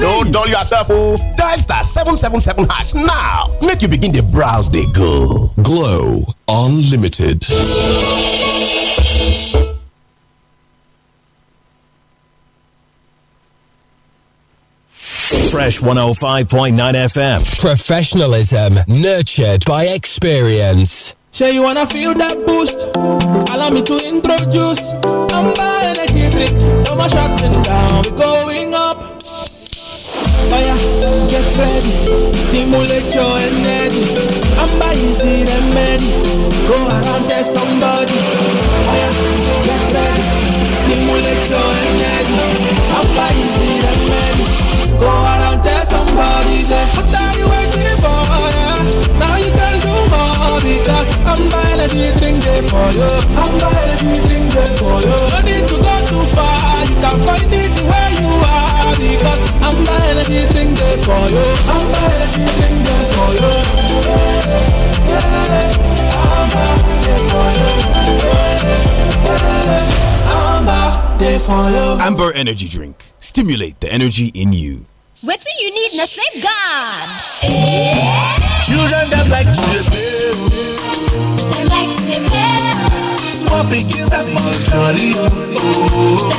no dull yourself oh. dial star 777 hash now make you begin the browse they go. Glow Unlimited. Fresh 105.9 FM. Professionalism nurtured by experience. Say you wanna feel that boost? Allow me to introduce Amber Energy Drink. No more shutting down, we going up. Fire, get ready. Stimulate your energy. i Amber is the remedy. Go around there somebody. Fire, get ready. Stimulate your energy. i Amber is the remedy. Go around there somebody. Say, what are you waiting for? yeah, now you can do more because I'm Amber energy drink there for you. I'm Amber energy drink there for you. No need to go too far. You can find it where you are because I'm my energy drink there for you. I'm my energy drink there for you. Yeah, yeah, I'm out there for you. Yeah, Amber Energy Drink. Stimulate the energy in you. What do you need in a safeguard? Children that like to play. They like to play more guard at jolly. Oh,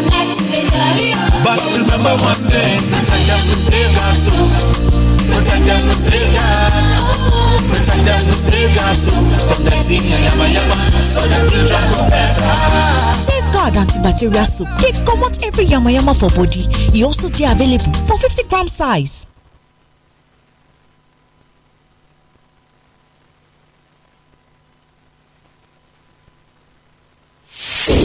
But remember one protect them Protect them Protect them From that thing yama yama, so future go better. Safeguard antibacterial soap. They come out every yama yama for body. It also they available for 50 gram size.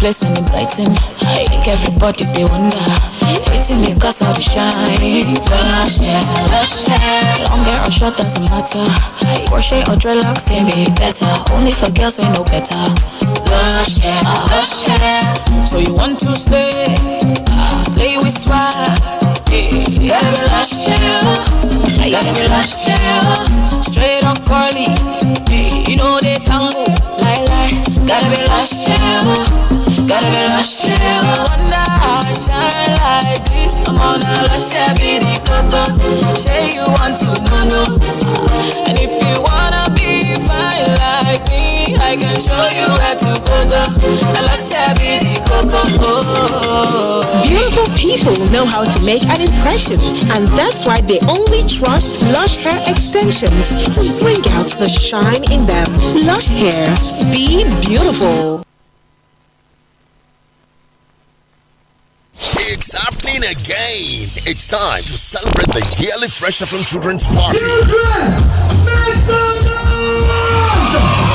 blessing and I Make everybody they wonder. Waiting me cause all the shine. Lush, yeah, lush, yeah. Long hair or short doesn't matter. Crochet or dreadlocks can be better. Only for girls we know better. Lush, yeah, lush, yeah. So you want to slay? Ah, slay with swag. Gotta be lush, yeah. Gotta be lush, yeah. Straight or curly. You know they tango. Lie, lie. Gotta be lush, yeah. Gotta be lush, wonder how I shine like this. I'm on a lush, be the Say you want to know, no. And if you wanna be fine like me, I can show you where to go, go. A lush, be the oh. Beautiful people know how to make an impression, and that's why they only trust Lush Hair Extensions to bring out the shine in them. Lush Hair, be beautiful. It's happening again. It's time to celebrate the yearly Fresh from Children's Party. Children, make some noise!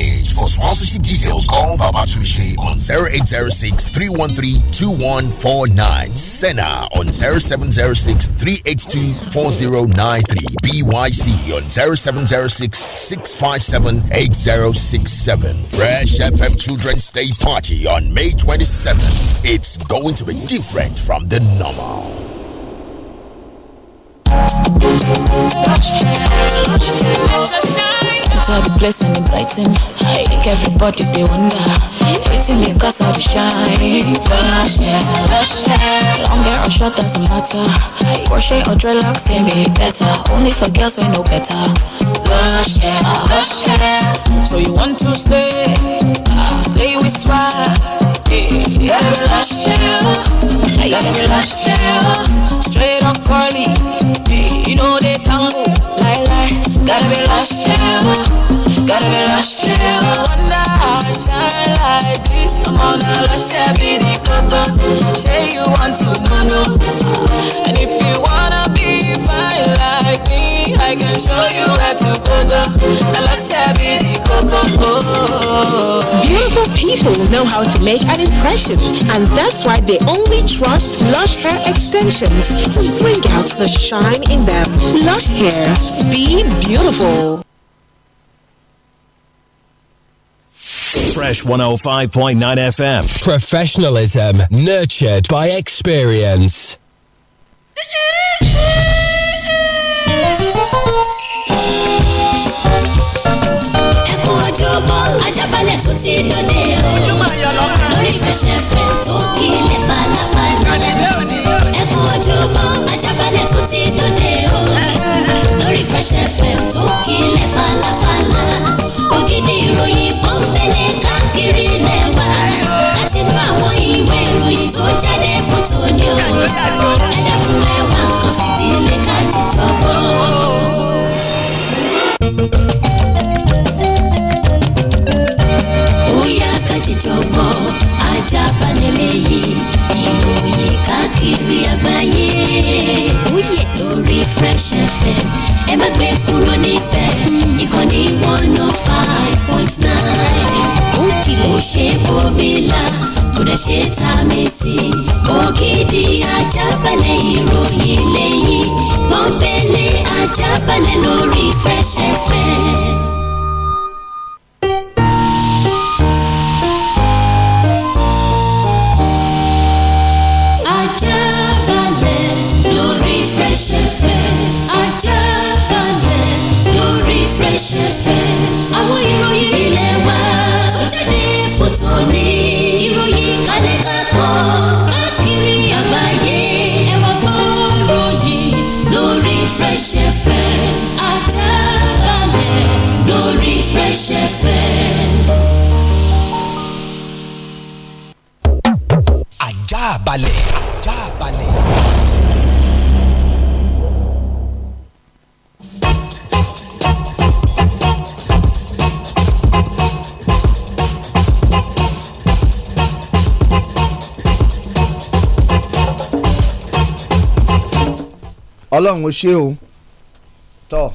page. For sponsorship details, call Baba Chumishe on 0806 313 Senna on 0706 BYC on 0706 657 Fresh FM Children's Day Party on May 27th. It's going to be different from the normal. Lush hair, lush hair, into the place and it brighten. Make everybody they wonder. Waiting me cause all the shine. Lush, yeah, lush, yeah. Long hair or short doesn't matter. Crochet or dreadlocks can be better. Only for girls we know better. Lush, yeah, lush, yeah. So you want to stay? Stay, with swag. Gotta be lush, yeah. Gotta be lush, yeah. Straight or curly. You know they tango. Gotta be lost, yeah. Gotta be lost, yeah. Wonder how I shine like this. I'm on a lush, yeah, be the cotton. Say you want to know, no. And if you wanna be fine. I can show you where to go go. Beautiful people know how to make an impression, and that's why they only trust Lush Hair Extensions to bring out the shine in them. Lush Hair, be beautiful. Fresh 105.9 FM. Professionalism nurtured by experience. tó ti dòde o lórí fẹsẹ̀fẹ̀ tó kílẹ̀ falafala ẹ kú ojúmọ́ ajábalẹ̀ tó ti dòde o lórí fẹsẹ̀fẹ̀ tó kílẹ̀ falafala ògidì ìròyìn pọ́npẹ́lẹ́ káàkiri lẹ́wà láti inú àwọn ìwé ìròyìn tó jáde fún tòní o ẹ ẹ̀wà nǹkan fìdílé ká jíjọ gbọ́. àjàbalẹ̀ lẹ́yìn ìròyìn káàkiri àgbáyé lórí Fresh FM ẹ má gbé kúrò níbẹ̀ ìkànnì one oh five point nine ó kìlọ̀ ṣe bòmílà kò dẹ̀ ṣe ta mí sí ògidì àjàbalẹ̀ ìròyìn lẹ́yìn pọ́npẹ́lẹ́ àjàbalẹ̀ lórí Fresh FM. ọlọ́run ó ṣe o tọ́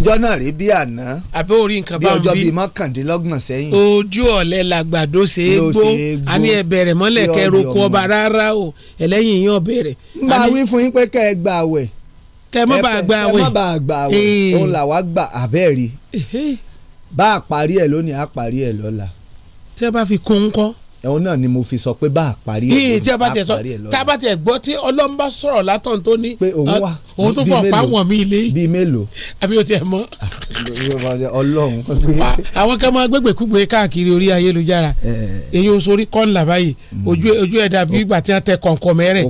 ìjọ náà rí bí àná àbí orí nǹkan bá ń bí ọjọ́ bíi mọ́kàndínlọ́gbọ̀n sẹ́yìn. ojú ọ̀lẹ́ làgbàdo ṣe é gbó a ní ẹ bẹ̀rẹ̀ mọ́lẹ̀ kẹ́ roko ọba rárá o ẹlẹ́yìn yín ọ̀bẹ̀rẹ̀. n bá wí fún yín pé kẹ́ ẹ gbà wẹ̀ kẹ́ mọ́ bá gbà wẹ̀ kẹ́ mọ́ bá gbà wẹ̀ òun bá a parí ẹ̀ lónìí a parí ẹ̀ lọ́la. tẹ́ bá fi kún un kọ́ ẹ̀hún náà ni mo fi sọ pé bá a parí ẹ̀ lọ́dún tí a bá tẹ̀ sọ tí a bá tẹ̀ gbọ́ tí ọlọ́run bá sọ̀rọ̀ látọ̀ tó ní pé òun wà òun tó fọ pàwọn mi ilé bíi mélòó àbí o tiẹ̀ mọ́. ọlọ́run. àwọn kan máa gbégbé kúgbé káàkiri orí ayélujára èyí oṣù orí kọ́ńlá báyìí mm. ojú ojú ẹ̀ dàbí ìgbà tí wọ́n tẹ kọ̀ǹkọ̀ mẹ́rẹ̀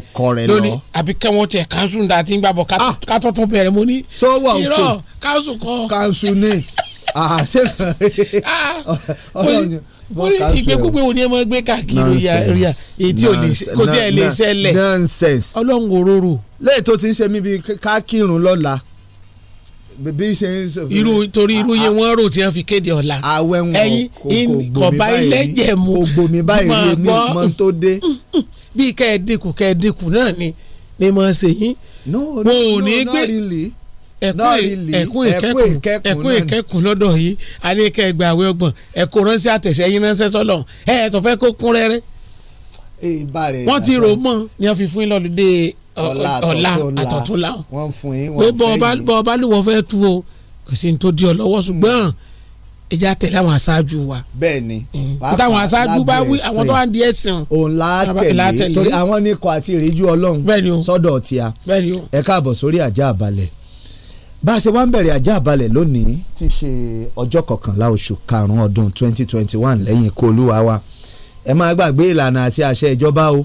lónìí àbí kẹ́wọ́n tẹ̀ káńsù ní àti gbàbọ̀ kátó ah! bẹ̀rẹ̀ mo ní. sọ́wọ́ òkè irọ́ kọ́. káńsù ah, ah! ní ìgbékúgbé wo ni ẹ máa gbé káàkiri ríà ètí ò kò tí ẹ lè ṣẹlẹ̀ nonsense ọlọ́run òróró. lẹ́yìn tó ti ń ṣe mí bíi kákírun lọ́la bí ṣe ń sọ. irú torí irú yẹn wọ́n rò tí wọ́n fi kéde ọ̀la. àwẹ̀ ń wọ kò bá ilé jẹ̀ mu báyìí lè ní mọ́ tó dé. bí kẹ́ẹ̀dínkù kẹ́ẹ̀dínkù náà ni ni mo ṣe yín. no no no not really ẹkún ẹkún ìkẹkùn lọ́dọ̀ yìí àníkẹ́ ẹgbẹ́ àwẹ̀ ọgbọ̀n ẹ̀kọ́ ránṣẹ́ àtẹ̀sẹ̀ yín ránṣẹ́ sọ́lọ̀ ẹ̀ tó fẹ́ kó kún rẹ́rẹ́. wọ́n ti rò mọ́ ni wọ́n fi fún yín lọ́lùdé ọ̀la àtọ̀túnla pé bọ́ ọba lùwọ́ fẹ́ tu o kò sí ní tó di ọ lọ́wọ́ hmm. ṣùgbọ́n ìjà àtẹ̀lé àwọn aṣáájú wa. bẹ́ẹ̀ni pàápàá hmm. táwọn aṣáájú bá wí àwọn tó wà ní ẹsìn. òun la tẹ̀lé torí àwọn ní kọ àti ìríjú Ọlọ́run sọ́dọ̀ tíya ẹ káàbọ̀ sórí àjà àbálẹ̀ bá a ṣe wá ń bẹ̀rẹ̀ ajá balẹ̀ lónìí ti ṣe ọjọ́ kọkànlá oṣù karùn-ún ọdún 2021 lẹ́yìn ikú olúwa wa ẹ máa gbàgbé ìlànà àti àṣẹ ìjọba o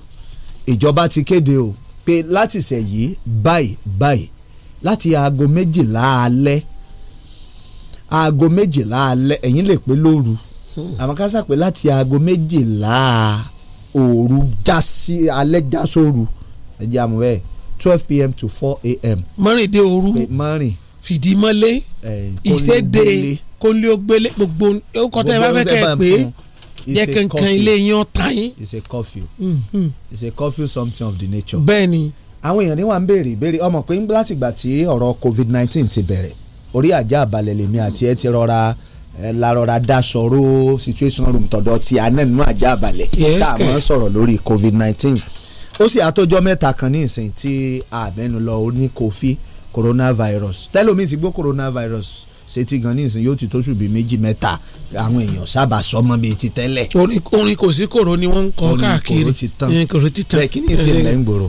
ìjọba ti kéde o pé láti ṣẹ̀ yìí báyìí báyìí láti aago méjìlá alẹ́ aago méjìlá alẹ́ ẹ̀yin lè pé lóru àmọ́ ká sà pé láti aago méjìlá òru já alẹ́ já sóru ẹ̀jẹ̀ àmọ́ bẹ́ẹ̀ twelve pm to 4 am. mọ́rìndínlóru mọ́rìn fìdímọ́lé ìsédè kólíógbélé gbogbo orúkọ tẹ́ ẹ bá fẹ́ kẹ́ ẹ pé yẹ kankan ilé yẹn ọ̀tá yín. it's a curfew mm-hmm. it's a curfew something of the nature. bẹ́ẹ̀ni. àwọn èèyàn ni wọ́n ń béèrè ìbéèrè ọmọ pé láti ìgbà tí ọ̀rọ̀ covid nineteen ti bẹ̀rẹ̀ orí àjà àbálẹ̀ lèmi àti ẹ ti rọra la rọra daṣọ situation room tọ̀dọ̀ ti anẹ́nu àjà àbálẹ̀ tá a máa ń sọ̀rọ̀ lórí covid nineteen ó sì àtọ́jọ́ mẹ́ta kan ní ìsìn tí àbẹ́nu lọ oní kofi coronavirus tẹ́lómi ti gbọ́ coronavirus ṣètì gan nísìn yóò ti tóṣù bíi méjì mẹ́ta àwọn èèyàn sábà sọmọ bíi ti tẹ́lẹ̀. orin kò sí kòró ni wọ́n ń kọ káàkiri orin kòró ti tán orin kòró ti tán bẹ́ẹ̀ kí ni ìsìn lẹ́ ń gbòòrò.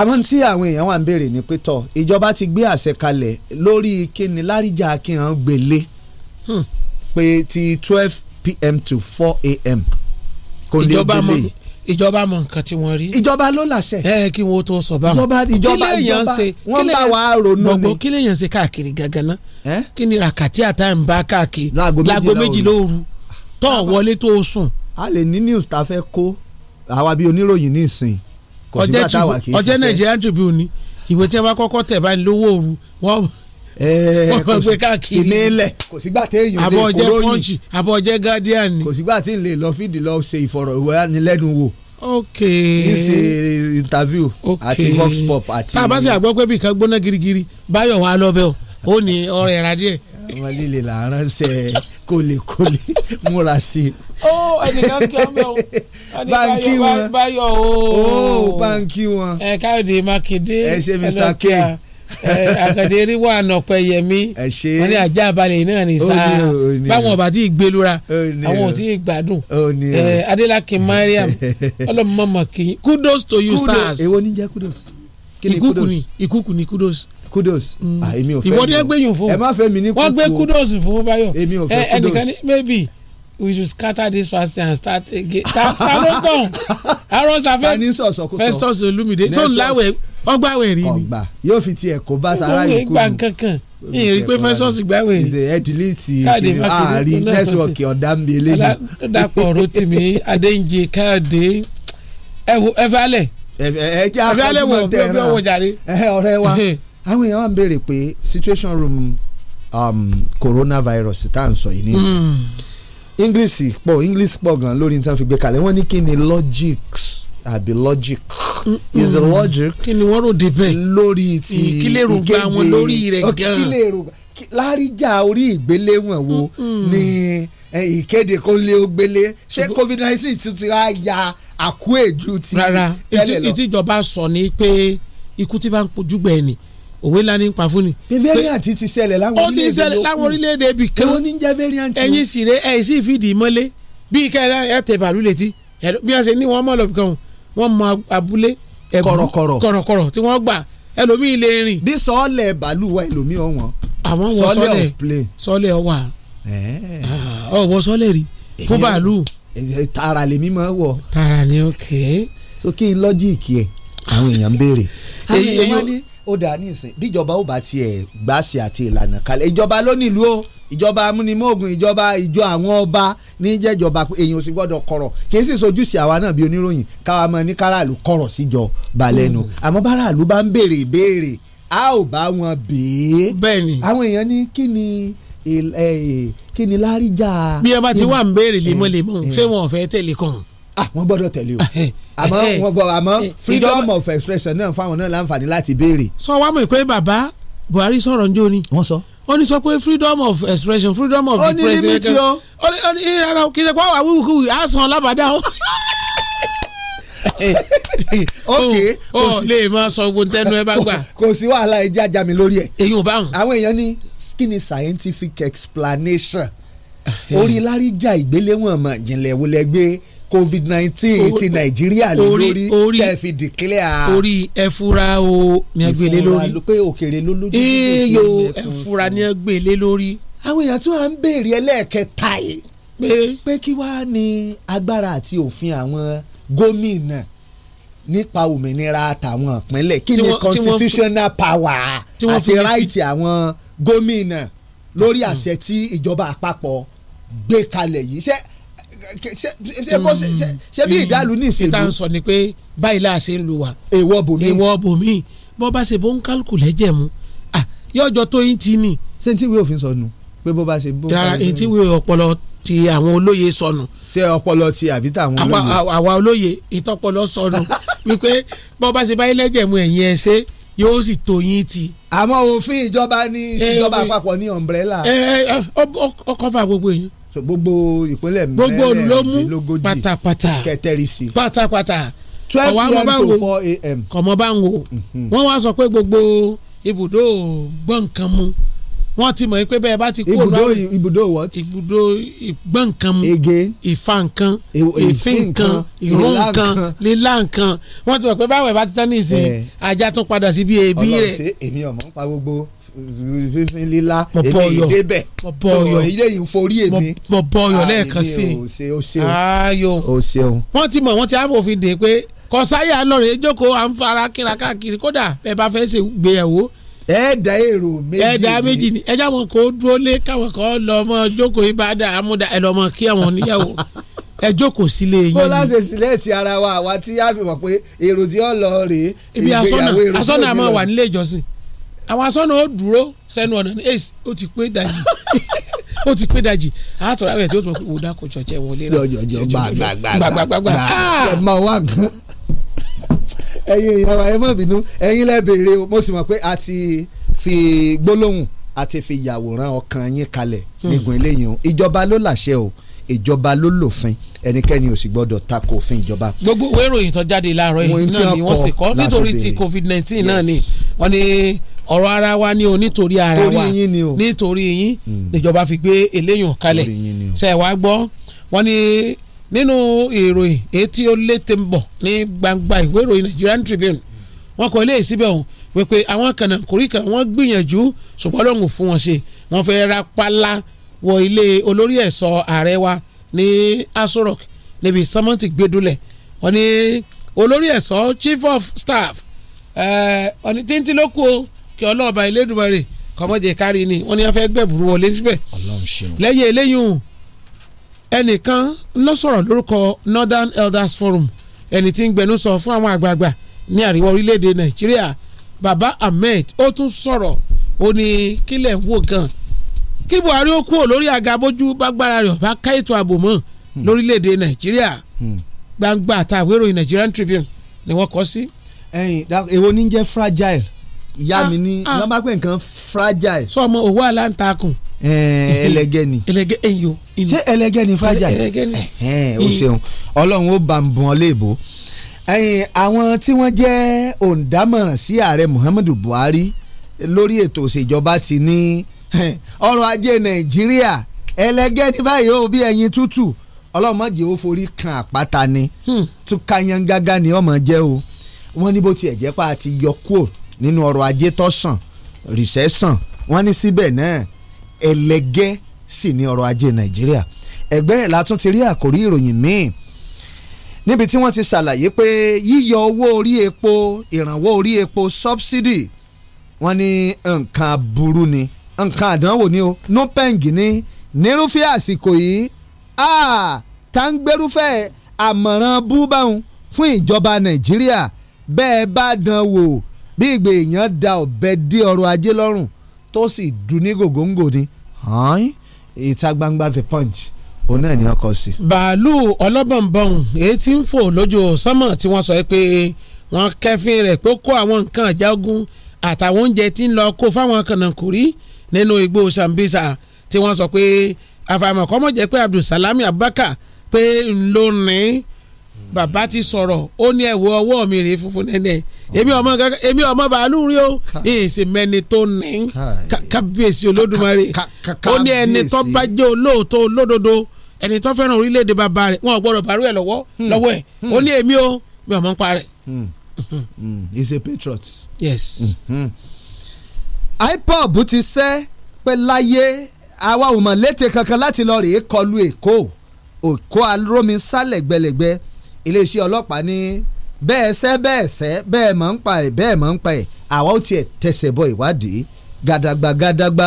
àmọ́ tí àwọn èèyàn wà ń béèrè ni pé ìjọba ti gbé àṣẹ kalẹ̀ lórí kíni láríjà kí hàn gbélé hmm. pé ti twelve pm to four am kò lè gbélé yìí ìjọba mọ nǹkan tí wọ́n rí. ìjọba ló làṣẹ. ẹ kí wọn ó tó sọ báwọn. ìjọba ìjọba ìjọba wọn bá wa ronú ni. gbogbo kí lèèyàn ṣe káàkiri gangan ná. kí ni ràkàtí àtà ń bá káàkiri. láago méjì lóru tó ah, wọlé tó sùn. a lè ní news ta fẹ́ kó àwa bíi oníròyìn ní ìsìn kò sí Tribune ni ìwé tí wọ́n kọ́kọ́ tẹ̀ báyìí lówó òru wọ́n Eh, wọ́n gbé káàkiri ìmílẹ̀ kò sígbà tí èèyàn lè kó lóyìn àbọ̀jẹ́ guardian ni kò sígbà tí n lè lọ fìdí lọ ṣe ìfọ̀rọ̀wánilẹ́nuwò ok n ṣe interview àti vox pop àti. tá a bá ṣe àgbọ̀ pé bìkan gbóná girigiri báyọ̀ wà lọ́bẹ̀ o ó ní ọ̀rọ̀ ẹ̀rá àwọn líle là ń ránṣẹ́ kólekóle múra sí i. ó ẹnìkan kí ọmọ o báńkì wọn báyọ̀ o báńkì wọn. ẹ káyọ̀dé mákindé ẹ ṣe mr k àkàndé ríwọ ànàpẹ yẹmí wọn ní ajá balẹ̀ náà ní sáà báwọn ọba tí ì gbẹlura àwọn ò tí ì gbádùn adélakí mariam ọlọmọọmọ kì í kudos to you sars. èwo ní jẹ́ kudos. ìkúkù ni ìkúkù ni kudos kudos mm. ah, èmi ò fẹ́ mi ìwọ ni ẹ gbé yùn fún ẹ wọ́n gbé kudos fún Báyọ̀ èmi ò fẹ́ kudos ẹnìkan ní maybe we should scatter this fast and start again ta ló gbọ̀n aarons afẹ Festus Olumide tó ń láwẹ̀ ọgbàwẹ̀ rí ni. ọgbà yóò fi tiẹ̀ kó bá tara yìí kú mu ìyẹn rí pé Festus gbàwẹ̀ ah, rí. ṣe ẹ dìlítì ààrí nẹ́tíwọ̀kì ọ̀dàmbí eléyìí. dàpọ̀ rotimi adéǹjẹ káàdé ẹ falẹ̀ ẹ jẹ́ àkọ́kọ́ mọ̀ tẹ̀ ẹ ọ̀rẹ́ wa àwọn èèyàn wà ń béèrè pé situation room um, coronavirus tá à ń sọ yìí nísìnyí hmm english pọ̀ english pọ̀ gan lórí nítorí fi gbé kalẹ̀ wọ́n ní kí ni logics àbí logic is logic. kí ni wọ́n rò dé bẹ́ẹ̀. lórí ti mm, ìkéde ìkílèrògbà wọn lórí rẹ̀ oh, gan. ìkílèrògbà láríjà orí ìgbéléwọ̀n wo ni ìkéde kó lé ó gbélé ṣé covid nineteen tún ti ya àkúèjú ti tẹ́lẹ̀ lọ. rárá ìtìjọba sọ ni pé ikú tí bá ń pojú gbẹ̀ẹ́ ni òwe ńlá ní pa fún ni. pé variant ti ṣẹlẹ̀ láwọn orílẹ̀-èdè yòókù ó ti ṣẹlẹ̀ láwọn orílẹ̀-èdè ibì kan èwo ní jẹ́ variant o ẹ̀yin sì rẹ ẹ̀ sì fìdí mọ́lé bíi kẹ́ẹ̀dá ẹ̀ tẹ̀ bàálù létí bí wọ́n ṣe ní wọ́n mọ̀ lọ́bì kan wọ́n mọ abúlé kọ̀rọ̀kọ̀rọ̀ kọ̀rọ̀kọ̀rọ̀ tí wọ́n gbà ẹlòmíì lè rìn. bí sọ́ọ̀lẹ̀ bàálù wa ẹlòmíì ọ̀wọ́n àwọn wọ sọ́ọ̀lẹ̀ sọ́ọ̀lẹ̀ ọ̀wà ah, ọ̀wọ́ sọ́ọ̀lẹ̀ rí fún bàálù. tààrà ni ok. so kí ó dáa ní ìsìn bíjọba ó bá tiẹ̀ gbàṣẹ àti ìlànà kalẹ̀ ìjọba lónìlú o ìjọba amúnimóògùn ìjọba ìjọ àwọn ọba ní jẹ́jọba èyàn ò sì gbọ́dọ̀ kọ̀rọ̀ kì í sì sojú sí àwa náà bí oníròyìn káwa mọ ní káràlú kọ̀rọ̀ síjọ balẹ̀nu mm. àmọ́ báràlú bá ń béèrè ìbéèrè a ò bá wọn bèé bẹ́ẹ̀ni àwọn èèyàn ní kí ni kí ni láríjà. bí ẹ bá ti wà ń béèrè lemọ́lemọ́ eh, eh. ṣé wọn ò fẹ́ tẹ̀lé kan. àwọn ah, gbọ́dọ̀ tẹ̀lé o ah, eh àmọ́ eh, eh, wọn bọ̀ àmọ́ eh, freedom of expression náà fáwọn náà láǹfààní láti béèrè. sọ wá mọ̀ pé bàbá Buhari sọ̀rọ̀ njó ni. wọ́n sọ. ó ní sọ pé freedom of expression freedom of the president. ó ní límítì o. ó ní ó ní ìrara kí ṣe pé àwọn awúrúkúwì á san lábàdá o. ok o lè máa sọ ogun tẹnu ẹ bá gbà. kò sí wàhálà ẹ jẹ́ ajá mi lórí ẹ̀. èyí ò bá wọn. àwọn èèyàn ní kí ni scientific explanation orí láríjà ìgbéléwọ̀n mọ̀ jìnlẹ̀ wọlé gbé covid nineteen ti nàìjíríà lé lórí tẹ́ fi declare. orí ẹfura o ni ẹ gbé lé lórí ìfura pé òkèrè ló lójú. eyo ẹfura ni ẹ gbé lé lórí. àwọn èèyàn tí wọ́n ń béèrè ẹlẹ́ẹ̀kẹta yìí pé kí wàá ní agbára àti òfin àwọn gómìnà nípa òmìnira àtàwọn ìpínlẹ̀ kí ni constitutional power àti right àwọn gómìnà lórí hmm. àṣẹ tí ìjọba àpapọ̀ gbé kalẹ̀ yìí ṣé ṣé bí ìdálù ní ìṣèlú. ìta ń sọ ni pé báyìí láà ṣe ń lu wa. èèwọ̀ bòmí. èèwọ̀ bòmí bó bá ṣe bó ń kálukú lẹ́jẹ̀ mu yọjọ tó yín ti ni. ṣé n tí wíwò fi sọnù pé bó bá ṣe bó. rárá n tí wíwò ọpọlọ ti àwọn olóye sọnù. ṣé ọpọlọ ti àbí tàwọn olóye. àwa olóye ìtọpọlọ sọnù wípé bó bá ṣe báyìí lẹ́jẹ̀ mu ẹ̀yìn ẹ̀ ṣe yóò sì tó yín ti. àmọ́ òfin ìjọba ní eh, tìjọba àpapọ̀ ní ọ̀mbrẹ́là. ọkọ̀ fà gbogbo yín so gbogbo ìpínlẹ̀ mẹ́rẹ̀ẹ́dínlógójì pátápátá kẹtẹrìsì pátápátá twelve pm to four am kọ̀mọ́ bá ń wo mhm. wọ́n wá sọ pé gbogbo ibùdó gbọ̀ǹkan mu wọ́n ti mọ̀ pé bẹ́ẹ̀ bá ti kó ibùdó ibùdó what ibùdó ìgbọ̀nkan ege ìfankan ìfinkan ìrónkan lílànkan wọ́n ti mọ̀ pé báwẹ̀ bá ti tán ní ìsìn eh. ajá tún padà sí bí ebi rẹ̀. ọlọ́run ṣe èmi ọ̀mọ́ ń pa gbogbo fífín lílá èmi ìdébẹ̀ sọ̀rọ̀ ilé yìí ń forí èmi. mo bọ ọyọ ah, lẹ́ẹ̀kan sí i o ṣeun o ṣeun. wọ́n ti mọ̀ wọ́n ti amòfin dè pé kọsáyà lọ́rẹ̀ jókòó à ń fara kíra káàkiri kódà bẹ́ẹ̀ bá fẹ́ ṣe gbéyàwó ẹ̀ẹ́dà èrò méjì ni ẹ̀ẹ́dà méjì ni ẹ̀já wọn kò dúró lé káwọn kan lọ ọmọ jókòó ìbàdàn àmúdà ẹ̀ lọ́mọ kí àwọn oníyàwó ẹ jókòó sílé yín. bó láṣẹ sílẹ̀ ti ara wa àwa tí a fi mọ̀ pé èrò tí ó lọ rèé. ibi asọ́nà asọ́nà máa wà nílé ìjọsìn àwọn asọ́nà ó dúró sẹ́nu ọ̀nà ní ace ó ti pé dajì ó ti pé dajì àtọ̀ láwẹ̀ tí ó tún wò dákọ̀ ṣọ̀ṣẹ̀ wọn lé náà jọjọ gbàgbàgbà ah, ah! ẹ máa wá gan ẹ̀yin èèyàn wa ẹ má bínú ẹ̀yin lẹ mo sì mọ̀ pé a ti fi gbólóhùn a ti fi yàwòrán ọkàn yín kalẹ̀ hmm. nígun eléyìí o ìjọba ló làṣẹ o ìjọba ló lòfin ẹnikẹ́ni ò sì gbọ́dọ̀ tako òfin ìjọba. gbogbo ìwé ìròyìn tó jáde láàárọ̀ yìí náà ni wọ́n sì kọ́ nítorí ti covid nineteen náà ni wọ́n ní ọ̀rọ̀ ara wa ni o nítorí ara wa nítorí yín hmm. níjọba fi gbé eléyàn kalẹ̀ ṣe wá gbọ́ wọ́n ní nínú ìròyìn èyí tí ó létè ń bọ̀ ní gbangba ìwé ìròyìn Nigerian Tribune wọ́n kọ ilé ìsíbẹ̀ ọ̀hún wípé àwọn kànáà kòríkà wọ́n gbìyànjú ṣùgbọ́n lóhùn fún wọn ṣe wọ́n fẹ́ ra pálá wọ ilé olórí ẹ̀ṣọ́ ààrẹ wa ní Aso Rock níbi sọ́mọ́ǹtì gbẹdúlẹ̀ wọ́n ní olórí ẹ̀ṣọ́ chief of staff ẹ̀ ọ̀nì tíntín ló kú o kí ọlọ́ọ̀ba Elédùmarè kọ́mọ́jẹ kárí ni wọ́n ní wọ́n fẹ́ gbẹ̀bùrú wọlé síbẹ̀ lẹ́yìn eléyìí ẹnìkan ló sọ̀rọ̀ lórúkọ Northern Elders Forum ẹni tí ń gbẹnusọ fún àwọn àgbààgbà ní àríwá orílẹ̀-èdè Nàìjíríà Baba Ahmed ó tún sọ̀rọ̀ ó ní kílẹ̀ ń wò gan kí Buhari ó kúrò lórí àga bójú bágbára rẹ̀ ọba ká ètò ààbò mọ́ hmm. lórílẹ̀-èdè Nàìjíríà hmm. gbangba àtàwérò Nigerian Tribune ni wọ́n kọ sí. ẹyin èwo ní jẹ́ fragile ìyá ah, mi ní ah. lọ́mọ pé nǹkan fragile. sọ ọmọ òwú aláǹtakùn. Eh, ẹlẹgẹ ni. ẹlẹgẹ eyo. ṣé ẹlẹgẹ ni fragile. ẹlẹgẹ ni. o ṣeun ọlọ́run ó bá ń bọ́n ọ léèbó. àwọn tí wọ́n jẹ́ òǹdámọ̀ràn sí ààrẹ Muhammadu Buhari lórí ètò òṣèjọba ti ní ọrọ̀ ajé Nàìjíríà ẹlẹgẹ ní báyìí ó bí ẹyin tútù ọlọ́mọdé ó forí kan àpáta ni hmm. tún kayangágá ni ọmọ jẹ́ o wọ́n ní bó tiẹ̀ jẹ́ pa àti yọ kúrò nínú ọrọ̀ ajé tó sàn rìṣẹ́ sàn wọ́n ní síbẹ̀ náà ẹlẹ́gẹ́ sì ní ọrọ̀ ajé nàìjíríà ẹgbẹ́ ẹ̀ látún ti rí àkórí ìròyìn míì níbi tí wọ́n ti ṣàlàyé pé yíyọ owó orí epo ìrànwọ́ orí epo subsidy wọ́n ní nǹkan aburú ni nǹkan àdánwò ni o nupeng ni nírúfẹ́ àsìkò yìí ah, táǹgbẹ́rúfẹ́ àmọ̀ràn búbáhùn fún ìjọba nàìjíríà bẹ́ẹ̀ bá dán wò bí ìgbè èèyàn da ọ̀bẹ dé ọrọ̀ ajé lọ́rùn tó sì dùn ní gògóńgò ni ìta gbangba the punch òun náà ni wọ́n kọ sí. bàálù ọlọ́bọ̀nbọ̀n èyí tí ń fò lójú sánmọ̀ tí wọ́n sọ pé wọ́n kẹ́fín rẹ̀ pé kó àwọn nǹkan ìjà ogun àtàwọn oúnjẹ tí ń lọ kó fáwọn kànáńkùrí nínú igbó Sambisa tí wọ́n sọ pé àfàmọ̀kọ́mọ̀ jẹ́ pé Abdulsalami Abubakar pé ńlọrọrin bàbá ti sọ̀rọ̀ ó ní ẹ̀wọ̀ ọwọ́ mi rèé funfun nẹ́nẹ́ èmi ọmọ kankan èmi ọmọ bàálù rí o èsì mẹni tó ní kábíyèsí olódùmarè ó ní ẹni tó bá jẹ́ olóòótọ́ olódodo ẹni tó fẹ́ràn orílẹ̀-èdè bàbá rẹ̀ wọn ò gbọ́dọ̀ bàrú ẹ̀ lọ́wọ́ hmm. lọ́wọ́ ẹ̀ hmm. ó ní èmi o mi ò ń parẹ́. Hmm. he's a patriot. yes. IPOB ti sẹ́ pé láyé àwa ò mọ̀ létè kankan láti lọ rèé kọlu Èkó Èkó alómi sálẹ̀ gbẹlẹ̀gbẹ́ iléeṣẹ́ ọlọ́pàá ní bẹ́ẹ̀ sẹ́ bẹ́ẹ̀ sẹ́ bẹ́ẹ̀ mọ̀ ń pa ẹ̀ bẹ́ẹ̀ mọ̀ ń pa ẹ̀ àwa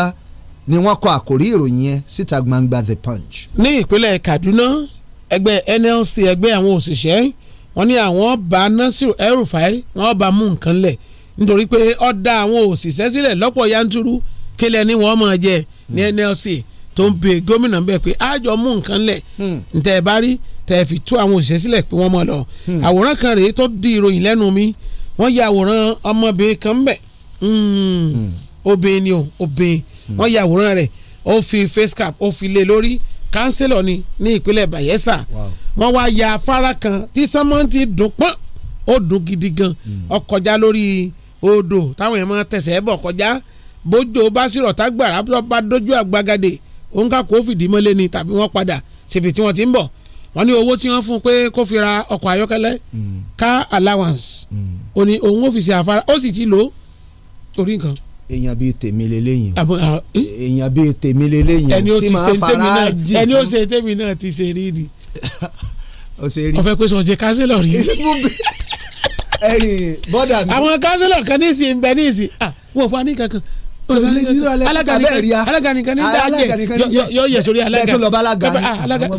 ó ni wọ́n kọ àkórí ìròyìn yẹn síta gbangba the punch. ní ìpínlẹ̀ Kaduna ẹgbẹ́ NLC ẹgbẹ́ àwọn òṣìṣẹ́ wọ́n ní àwọn El-Rufai mú nǹkan lẹ̀ nítorí pé àwọn òṣìṣẹ́ yanturu kílẹ̀ ni wọ́n máa jẹ ní hmm. NLC tó ń pe gómìnà bẹ́ẹ̀ tẹ́ fi tú àwọn òṣìṣẹ́ sílẹ̀ pé wọ́n mọ̀ lọ. Hmm. àwòrán kan rèé tó di ìròyìn lẹ́nu mi wọ́n ya àwòrán ọmọbìnrin kan bẹ̀ hmm. hmm. obìnrin ni o obìnrin wọ́n ya àwòrán rẹ̀ ó fi face cap ó fi lé lórí kánsílọ̀ ni ní ìpínlẹ̀ Bayelsa wọ́n wá ya afárá kan tí sẹ́mọ́ǹtì dùn pọ́n ó dùn gidi gan ó kọjá lórí odò táwọn èèyàn máa tẹ̀sẹ̀ bọ̀ kọjá bójú ó bá sírọ̀ tágbàrá bá dójú àgbàgàdé òǹkà kó fìdí mọ́lé ni tàbí wọ́n padà síbi tí wọ́n ti ń bọ̀ wọ́n ní owó tí wọ́n fún un pé kó fi ra ọkọ̀ ayọ́kẹ́lẹ́ car hmm. allowance hmm. ó ní òun ó fi ṣe àfárá ó sì ti lò ó torí nǹkan. èèyàn bíi tèmi lélẹ́yìn èèyàn bíi tèmi lélẹ́yìn tí màá fara jì fún. ẹni ó ṣe tèmi náà ti ṣe rí ni ọ̀fẹ́ pé sọ̀jẹ̀ kánsílọ̀ rí ẹ̀yìn bọ́dà mi. àwọn kánsílọ̀ kan ní ìsìn bẹ́ẹ̀ ní ìsìn ah wọ́n fún wa alága nìkan ní dájẹ yọ yẹ sórí alága alága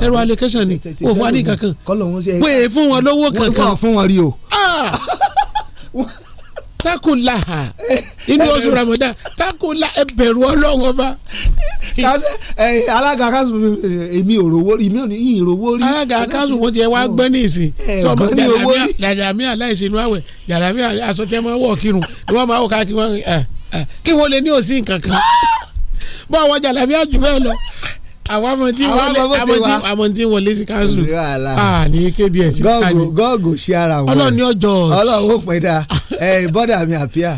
sẹrù ah, allocation eh, ni kò fún wa ní kankan pé e fún wọn lówó kankan wọn fún wọn rí o. Ah! takula inú oṣù Ramadan takula ẹ bẹ̀rù Ọlọ́run ọba. alága kanṣu èmi ò rówó rí mi ò ní yìn rówó rí. alága kanṣu wọ́n ti ẹ wá gbẹ́ ní ìsìn tọ́mọ jàdàmíà láìsí inú àwẹ̀ jàdàmíà asọ́tẹ́mọ́ wọ̀ kírun ni wọ́n máa wọ̀ káàkiri wọn kí wọ́n lè ní òsín kankan bọ́ àwọn jàlábí àjù bẹ́ẹ̀ lọ àwọn amọ̀ntí wọlé amọ̀ntí wọlé sí káńsù ní kéde ẹ̀ sí káńsù. gọ́ọ̀gù ṣe ara wọn ọlọ́ọ̀ni ọjọ́ ọlọ́ọ̀wọ́ pẹ̀ dá bọ́dà mi àpíà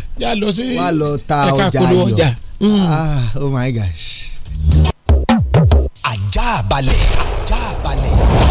wà lọ ta ọjà yọ hmm. ah, oh my gosh. ajá balẹ̀ ajá balẹ̀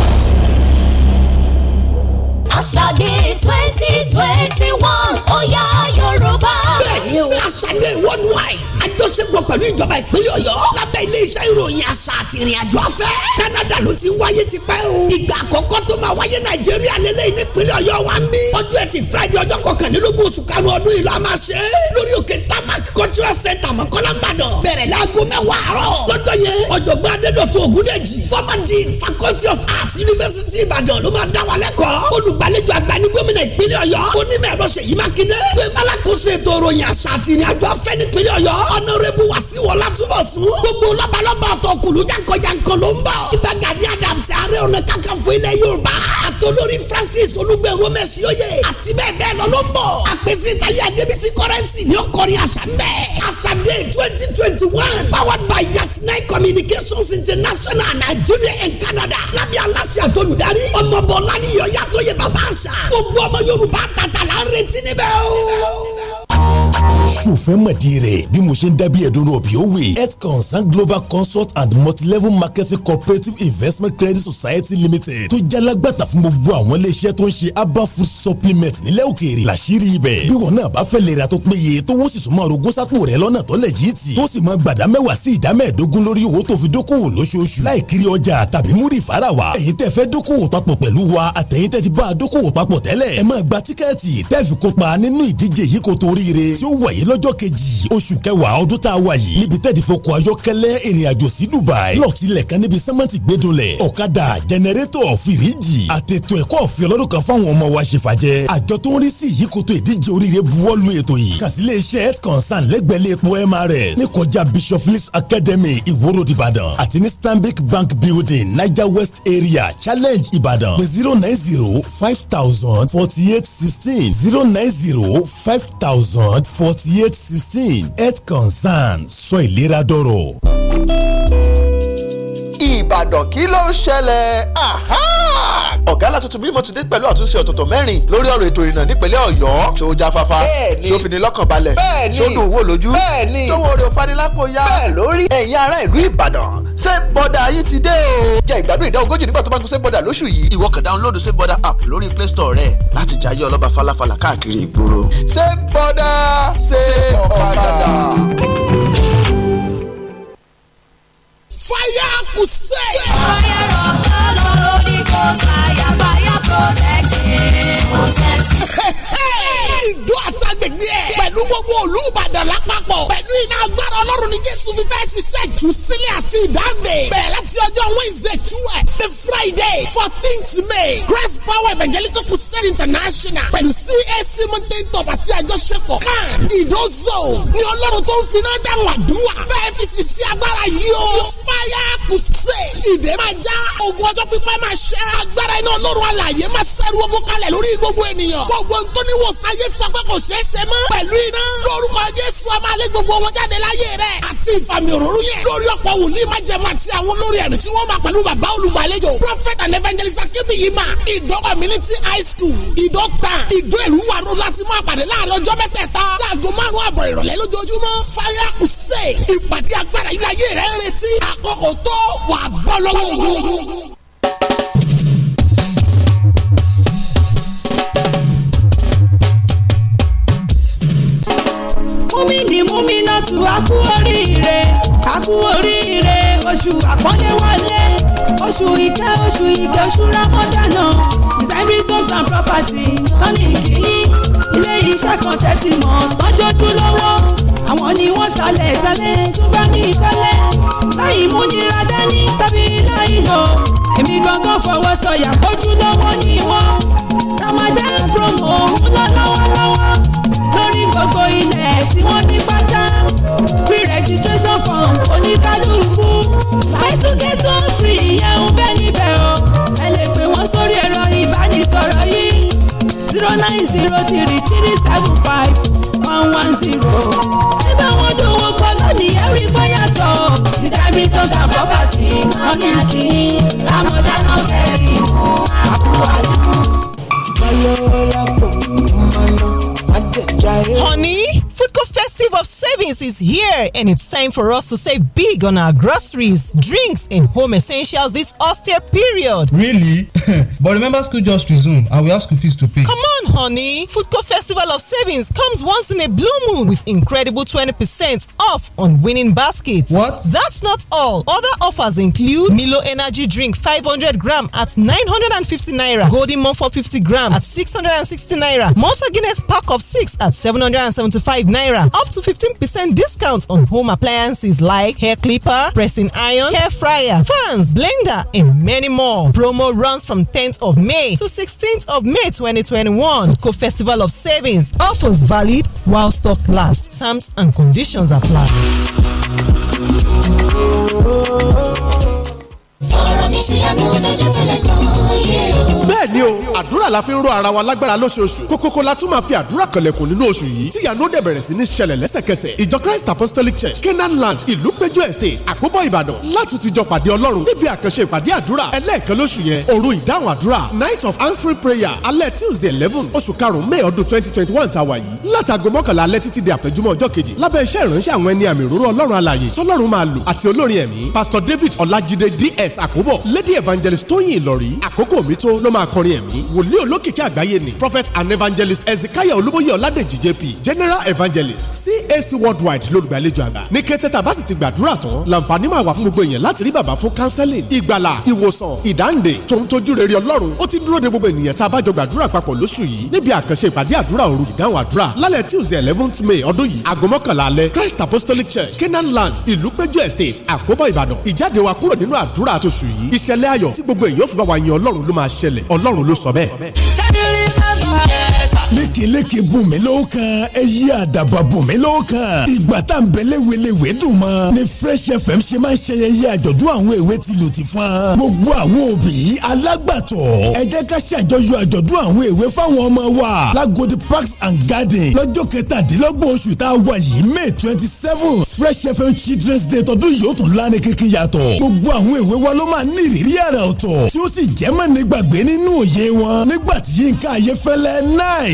àṣàdì twenty twenty one ó yá yorùbá. bẹ́ẹ̀ni o àṣàdì worldwide àjọṣepọ̀ pẹ̀lú ìjọba ìpínlẹ̀ ọ̀yọ́ lábẹ́ iléeṣẹ́ ìròyìn àṣà àti ìrìn àjò afẹ́ canada ló ti wáyé ti pẹ́ o ìgbà àkọ́kọ́ tó máa wáyé nàìjíríà lélẹ́yìn nípínlẹ̀ ọ̀yọ́ wa ń bí ọjọ́ ẹtì friday ọjọ́ kọkànlélógún oṣù karùn-ún ọdún yìí la máa ṣe é lórí òkè tamak cultural center mọ̀kọ́lá ìbàdàn bẹ̀rẹ̀ láago mẹ́wàá àárọ̀ lọ́jọ́ yẹn ọ̀jọ̀gbọ́n adédọ̀tun ògúndẹ̀jì former dean faculty of arts university ìbàdàn ló máa dá wa lẹ́kọ̀ọ́ olùgbà agbàlejò àgbà ní gómìnà ìpínlẹ̀ ọ̀yọ́ onímọ̀ ẹ̀rọ ṣèyí mákindé fún alákòóso ètò ìròyìn àṣà àti ìrìn àjò afẹ́ nípínlẹ̀ ọ̀yọ́ ọ̀nàrẹ́bù wàsíwọ̀ látúbọ̀sùn gbogbo lọ́balọ́ba ọ̀tọ̀ kùlú jankan-jankan ló ń bọ̀ ibà gani adams ààrẹ ọ̀nà kakanfò ilẹ̀ yorùbá àtolórí francis olùgbé romesi oyè àti bẹ́ẹ̀ bẹ́ẹ̀ lọ ló ń bọ̀ àpèsè ìtayà débìtì kọ́rẹ́nsì ní ọkọrin àṣà ń bẹ̀ àṣà dé twenty twenty one powered by yatnai communications international nigeria and canada bá ṣà gbogbo ọmọ Yorùbá tata ń retí níbẹ̀ o ṣòfẹ́ mọ̀dí rẹ̀ bí mo ṣe ń dábìí ẹ̀dùn rọ̀bì ó wè health consult global consult and multilevel marketing cooperative investment credit society limited tó jalagbàtà fún gbogbo àwọn iléeṣẹ́ tó ń ṣe herbal food supplement nílẹ̀ òkèèrè làṣírí ibẹ̀ bí wọn náà bá fẹ́ lè ra tó péye tó wọ́n sì tún máa rogó sápò rẹ̀ lọ́nà tó lẹ̀ jí tì tó sì máa gbàdá mẹ́wàá sí ìdá lórí owó tó fi dókòwò lóṣooṣù láì ọjà tàbí múrì fara wa ẹ̀yin tẹ́ fẹ́ dókòwò papọ̀ pẹ̀lú wa àtẹ̀yin tẹ́ ti bá a dókòwò papọ̀ tẹ́lẹ̀ ẹ máa gba tíkẹ́ẹ̀tì wáyé lọ́jọ́ kejì oṣù kẹwàá ọdún tá a wà yìí níbi tẹ́ẹ̀dì fọkọ̀ ayọ́kẹ́lẹ́ ìrìnàjò sí Dubai lọ́ọ̀tìlẹ̀ kan níbi sẹ́mẹ́ǹtì gbẹdọ̀lẹ̀ ọ̀kadà jẹnẹrétọ̀ fìríjì àtètò ẹ̀kọ́ ọ̀fẹ́ ọlọ́dún kan fáwọn ọmọ wa ṣe fàjẹ́ àjọ tó ń rí sí ìyíkoto ìdíje oríire buwọ́lu ètò yìí kàsílẹ̀ iṣẹ́ health concern MRS ní kọjá Academy ìwòrò Ìbàdàn àti Bank Building Niger West Area Challenge Ìbàdàn zero nine zero five thousand forty eight sixteen zero nine zero five thousand forty eight sixteen health concern sọ ìlera dọ̀rọ̀ ìbàdàn kí ló ń ṣẹlẹ̀ ọ̀gá alátuntun bímọ ti dé pẹ̀lú àtúnṣe ọ̀tọ̀tọ̀ mẹ́rin lórí ọ̀rọ̀ ètò ìrìnnà nípínlẹ̀ ọ̀yọ́ tó jáfáfá tó fi ní lọ́kàn balẹ̀ tó dùn wò lójú tó wo orí òfanilápò ya lórí ẹ̀yin ará ìlú ìbàdàn ṣé bọ́dà yín ti dé o. jẹ́ ìgbádùn ìdá ogójì nígbà tó bá ń ṣe bọ́dà lóṣù yìí ìwọ kàn dáńlódù ṣé bọ́dà app lórí play store rẹ láti jayé ọlọ́ba falafala káàkiri ìgboro. ṣé bọ́dà ṣe ọ̀kadà. fire crusade. fire of God holy ghost fire fire protect me protect me. ìjọ àtàgbègbè ẹ̀ gbogbo olú ìbàdàn lápapọ̀ pẹ̀lú iná agbára ọlọ́run ní jésù fífẹ́ ṣiṣẹ́ ìtúsílẹ̀ àti ìdáǹdè bẹ̀rẹ̀ láti ọjọ́ wednesday twelve the friday fourteenth may grace power evangelical crusade international pẹ̀lú cac mountain top àti àjọṣepọ̀ kan ìdózò ni ọlọ́run tó ń finá dáhùn àdúrà fẹ́ẹ́ fi ṣiṣẹ́ agbára yìí o fire crusade ìdè máa já ogun ọjọ́ pípẹ́ máa ṣẹ́ agbára iná ọlọ́run alàyè máa ṣẹ́rú ogun kalẹ̀ lórí gbogbo ènìyàn gbogbo ntọ́niwòsàn ayé sọ pé kò ṣeé mọ́ pẹ̀lú iná lórúkọ jésù a máa lé gbogbo wọn jáde láyé rẹ̀ àti ìfàmì òróró yẹn lórí ọ̀pọ̀ wòlíì má jẹ́ màtí àwọn olórí ẹ̀rí tí wọ́n máa pẹ̀lú bàbá olùgbàlejò prophet and evangelist akébíyìmá ìdó community high school ìdó tan ìdó ìrúwàrú láti máa pàdé láàrin ọjọ́ mẹ́tẹ̀ẹ̀ta láago márùn àbọ̀ ìrọ̀lẹ́ lójoojúmọ́ fire crusade ìpàdé agbára ilé ayé rẹ̀ retí àkókò tó wà bọ́ lọ́wọ́ múmìnì múmìnà tù á kú oríire á kú oríire oṣù àpọ́nlé wọlé oṣù ìkẹ́ oṣù ìkẹ́ oṣù rámọ́dánà ìsẹ́bí stones and property lọ́nà ìkíní ilé iṣẹ́ kan tẹ́tí mọ̀ tọ́jọ́ dún lọ́wọ́ àwọn ni wọ́n talẹ̀ talẹ̀ tó bá ní ìfẹ́lẹ́ láì múnira dání tàbí láì lọ èmi gangan fọwọ́ sọ̀yà kójú lọ́wọ́ ni wọ́n ramadan promo ńlọ́lọ́ gbogbo ilẹ̀ tí wọ́n ní pátá free registration form oníkálukú àìtúkẹ́tọ̀ free ìyẹ̀hún bẹ́ẹ̀ níbẹ̀ o ẹ lè pè wọ́n sórí ẹ̀rọ ìbánisọ̀rọ̀ yìí zero nine zero three three seven five one one zero. ẹ bá wọn dòwò pọ̀ lónìí ẹ̀rí gbọ́yàtọ̀ distribution and property mọ́ni àti lámọ̀dá náà kẹrin mú àbúrò àdúgbò. báyọ̀ lápò máa ná. Honey? Savings is here, and it's time for us to save big on our groceries, drinks, and home essentials this austere period. Really? but remember, school just resumed, and we have school fees to pay. Come on, honey. Foodco Festival of Savings comes once in a blue moon with incredible 20% off on winning baskets. What? That's not all. Other offers include Milo Energy Drink 500 gram at 950 naira, Golden for 50 gram at 660 naira, Malta Guinness Pack of 6 at 775 naira, up to 15 percent 50% discounts on home appliances like hair clipper, pressing iron, hair fryer, fans, blender, and many more. Promo runs from 10th of May to 16th of May 2021. Co Festival of Savings offers valid while stock lasts. Terms and conditions apply. ṣìyànú dojú tẹ́lẹ̀ kan yé o. àdúrà la fi ń rọ ara wa lágbára lóṣooṣù kókókó la tún máa fi àdúrà kànlẹ̀kùn nínú oṣù yìí tíyànú dẹ̀ bẹ̀rẹ̀ sí ní ṣẹlẹ̀ lẹ́sẹ̀kẹsẹ̀ ìjọ Christ Apostolic Church Canaan Land ìlú péjú estate àkóbọ̀ Ìbàdàn láti ti jọ pàdé Ọlọ́run níbi àkànṣe ìpàdé àdúrà ẹlẹ́ẹ̀kan lóṣù yẹn òru ìdáhùn àdúrà night of answering prayer alẹ́ Tuesday eleven oṣù karùn-ún May ọdún twenty twenty one ta wà yìí látàgọ́ mọ́kànlá alẹ́ títí di àfẹ́júmọ́ ọjọ́ kejì lábẹ́ iṣẹ́ ìránṣẹ́ àwọn ẹni àmì òróró Ọlọ́run alààyè tọ́lọ́run máa lò Pastor David Ọlájídé DS àkóbọ̀ lady evangelist tóyìn ìlọrí àkókò mi tó ló máa kọrin ẹ̀mí wòlíì olókìkí àgbáyé ni prophet and evangelist ezekiah olúbóyè ọládèjì jp general evangelist cac worldwide lolùgbàlejò àgbà ní kété tàbá sì ti gbàdúrà tán làǹfààní máa wà fún gbogbo èèyàn láti rí bàbá fún counseling ìgbàlà ìwòsàn ìdáǹdè tòun tójú rere ọlọ́run ó ti dúró de gbogbo ènìyàn tá a bá jọ gbàdúrà papọ̀ lóṣù yìí níbi àkànṣe ìpàdé àdúrà òru ìdáhùn àdúrà lálẹ́ tuesday eleventh may ọdún yìí aago mọ́kànlá alẹ́ christ apostolic church canaan land ìlúpéjú estate àkóbọ̀ ìbàdàn ìjáde wa kúrò nínú àdúrà tóṣù yìí ìṣẹ̀lẹ̀ ayọ̀ tí gbogbo èèyàn fi bá wa yin ọlọ́run ló máa ṣẹlẹ̀ ọlọ́run ló sọ bẹ́ẹ̀ lékeleke bùnmi ló kan èyí àdàbà bùnmi ló kan ìgbà tá n bẹ léwelewe dùn mọ́ ni Fresh FM ṣe máa ń ṣeyẹyẹ àjọ̀dún àwọn èwe ti lò ti fún gbogbo àwọn òbí alágbàtọ́ ẹ jẹ́ ká ṣàjọyọ̀ àjọ̀dún àwọn èwe fáwọn ọmọ wa lágodi parks and garden lọ́jọ́ kẹtàdínlọ́gbọ̀n oṣù tá a wà yìí May twenty seven Fresh FM Children's Day tọdún yìí ó tún lánàá kékeré yàtọ̀ gbogbo àwọn èwe wa ló máa ní ìrírí àrà ọ̀tọ̀ tí ó sì jẹ́ mọ́ nígbàgbé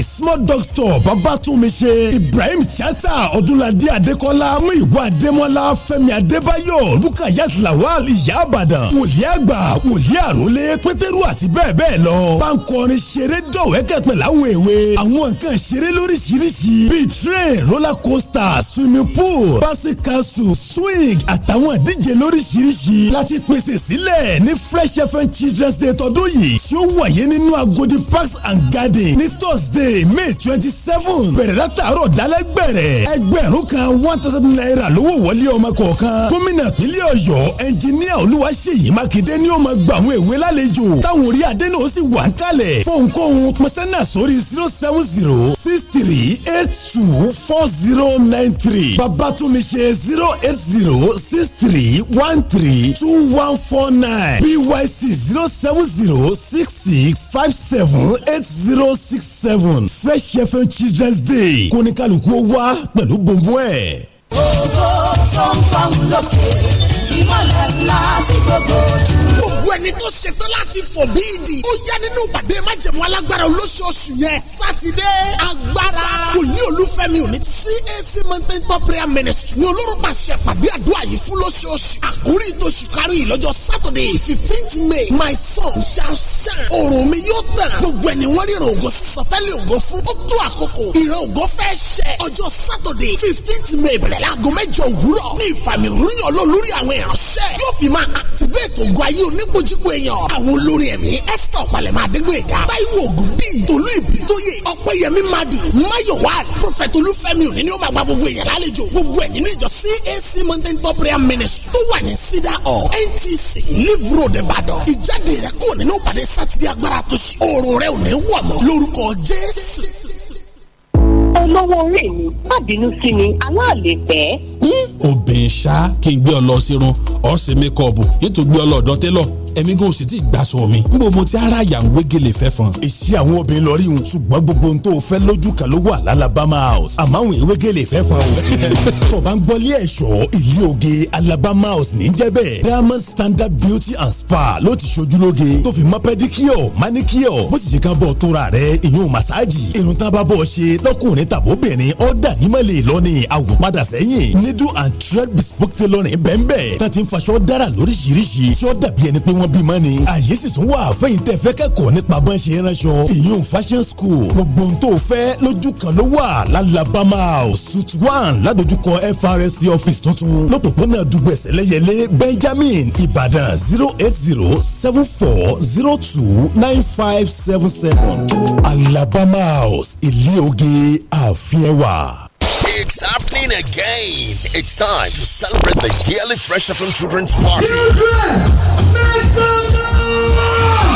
small doctor babatunmi ṣe ibrahim chata ọdúnladé adékọlá muiwa adémọlá fẹ́mi adébáyọ̀ rukayat lawal ìyá àbàdàn wòlíì àgbà wòlíì àrólé pétérù àti bẹ́ẹ̀ bẹ́ẹ̀ lọ bankọrin ṣeré dọ̀wẹ́kẹ̀ pẹ̀lú èwe àwọn nǹkan ṣeré lóríṣiríṣi bíi train roller coaster swimming pool basi castle swing àtàwọn ìdíje lóríṣiríṣi láti pèsè sílẹ̀ ní fresh fm children's day tọdún yìí tí ó wáyé nínú agodi parks and garden ní thursday Thursday May twenty seven bẹ̀rẹ̀ látàárọ̀ dálẹ́ gbẹ̀rẹ̀ ẹgbẹ̀rún kan one thousand naira lówó wọlé ọmọ kọ̀ọ̀kan gómìnà pínlẹ̀ Ọ̀yọ́ ẹnjiníà Olúwaṣeyì Mákindé ni ó máa gba àwọn ìwé lálejò táwọn orí adé náà sì wà ń kalẹ̀ fóònkóhun pẹ̀sẹ́nà sórí zero seven zero six three eight two four zero nine three babatunmise zero eight zero six three one three two one four nine byc zero seven zero six six five seven eight zero six seven program fresh fm children's day kóníkàlùkù ó wá pẹ̀lú bùnbùn ẹ̀. ògo tó ń fa òun lókè ìmọ̀lẹ̀ ńlá sí gbogbo ojú. gbogbo ẹni tó ṣetán láti fò bí ìdì ó yá nínú pàdé májẹ̀mú alágbára olóṣooṣù yẹn sátidé agbára wòlíì olúfẹ́mi òní CAC mountain top prayer ministry ní olórúkọ àṣẹ pàdé àdúrà yìí fún lóṣooṣù àkórí ìtòṣù kárí ìlọ́jọ́ sátidé fifteenth may my son shall shine oòrùn mi yóò tàn gbogbo ẹni wọ́n rí ìrògò sọtẹ́lẹ̀ ògo fún àṣẹ yóò fi máa activate ògùn ayé oníkojúkọ èèyàn àwọn olórin ẹ̀mí esther palẹ̀mọ́ adégbèga táíwò ògùn bíi tolú ìbítóyè ọ̀pẹ̀yẹmí madu mayowan prophet olúfẹ́mi òní ni ó máa gba gbogbo èèyàn lálejò gbogbo ẹ̀ nínú ìjọ cac mountain top prayer ministry tó wà ní cedar hall ntc live road ìbàdàn ìjáde rẹ̀ kúrò nínú ìpàdé sátidé agbára tó ṣe òòrùn rẹ̀ ò ní wọ̀ mọ́ lórúkọ jésù olówó orí mi má bínú sí mi aláàlè pẹ́. obìnrin ṣá kí n gbé ọ lọ sírun ọ̀sẹ̀ mẹ́kọ̀ọ̀bù yìí tó gbé ọ lọ ọ̀dọ́ tẹ́lọ̀ èmi gan sì ti gbàsọ mi nbọ mo ti ara yà ń wégele fẹ́ fan. èsì àwọn obìnrin lọ rí un ṣùgbọ́n gbogbo ohun tó fẹ́ lójú kan ló wà l'Alabama house àmọ́ àwọn èèyàn wégele fẹ́ fan o. tọ́ba ń gbọ́lé ẹ̀ṣọ́ ìlú oge Alabama house ní Diamond Standard Beauty and Spa ló ti ṣojú lóge tó fi mọ́ pẹ́díkíọ̀ máníkíọ̀ bó ti ṣe kan bọ̀ tóra rẹ̀ ìyún màsáàjì irun tán bá bọ̀ ṣe lọ́kùnrin tàbóbìnrin ó dàrí and thread bespoke tailoring bẹ́ẹ̀ bẹ́ẹ̀ tá ti ń faṣọ dára lóríṣiríṣi tí ó dàbí ẹni wọn bímọ ni. àyè sì tún wà fẹ́yìn tẹ́ fẹ́ kẹ́kọ̀ọ́ nípa bọ́n ṣe ránṣọ ìyún fashion school gbogbo ohun tó fẹ́ lójú kan ló wà lálàbámà suit one ládojúkọ FRSC office tuntun lópòpónà dùgbẹ̀sẹ̀ lẹ́yẹlé Benjamin Ibadan. zero eight zero seven four zero two nine five seven seven alabama house ilé oge àfihàn wà. in again. It's time to celebrate the yearly Fresh Up from Children's Party. Children, make some noise!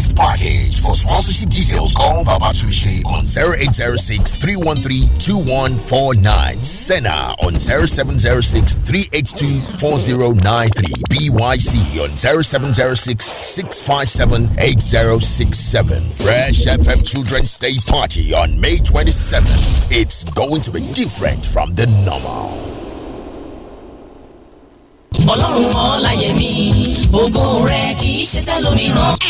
gift package. For sponsorship details, call Baba Tumishi on 0806 313 2149. Senna on 0706 382 4093. BYC on 0706 657 8067. Fresh FM Children's Day Party on May 27th. It's going to be different from the normal. ọlọ́run ọláyẹmí rẹ kì í ṣe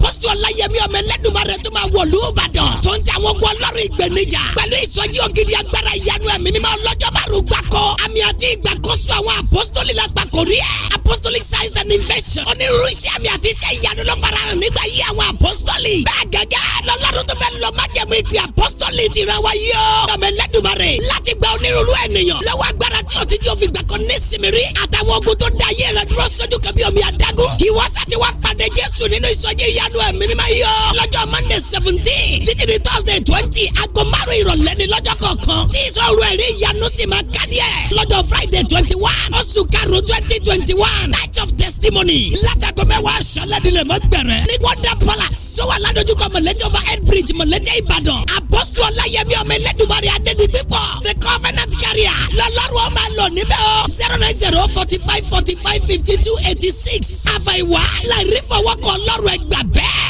apọ́sítù ọláyẹmí ọmọ ẹlẹ́dùnmarè tó máa wọ̀lú ìbàdàn tó ń tẹ àwọn ogun ọlọ́run ìgbẹ́nijà pẹ̀lú ìsọjí ògidì agbára ìyanu ẹ̀mí mímọ́ ọlọ́jọ́ márùn-ún gbáko àmì àti ìgbàkóso àwọn apọ́sítọ́lì la gbà kórí ẹ̀ apostolic signs and invention onírúurú iṣẹ́ àmì àti iṣẹ́ ìyanu ló fara hàn nígbà yí àwọn apọ́sítọ́lì bẹ́ẹ̀ gẹ́gẹ́ lọ́lọ́run tó fẹ́ lọ májẹ̀mú ìpè apọ́sítọ́lì ti ra wa yíyọ́ ọmọ ẹlẹ́dùnmarè láti gba onírúurú ènìyàn lọ́wọ́ agbára tí o ti jẹ́ òfin gbàkan ní sìmìrì àtàwọn ogun tó da ayé rẹ̀ dúró sójú kan bí omi adágún ìwọ́sàtí wa pàdé Jésù nínú ìsọjí ìyanu gbádùn ẹ̀mí mímọ́ yọ. lọ́jọ́ monday seventeen títí di thursday twenty aago márùn ìrọ̀lẹ́ ni lọ́jọ́ kọ̀ọ̀kan tí ìṣòro ẹ̀rí ìyanu sì máa kádì ẹ̀. lọ́jọ́ friday twenty one oṣù karùn-ún twenty twenty one night of testimony látàgọ́ mẹ́wàá aṣọ́lẹ́dìlẹ̀ mọ́ gbẹ̀rẹ̀ ní wonder palace tó wà ládojúkọ mọ̀lẹ́tì over head bridge mọ̀lẹ́tì ìbàdàn apọ́sù ọláyẹmí ọmọ ẹlẹ́dùnmọ́rì adédìgbípọ̀ the covenant carrier lọ́lọ́run ọmọ àlọ́ níbẹ̀ o zero nine zero forty five forty five fifty two eighty six àfàìwá làrí fọwọ́kọ̀ ọlọ́run ẹgbàá bẹ́ẹ̀. back.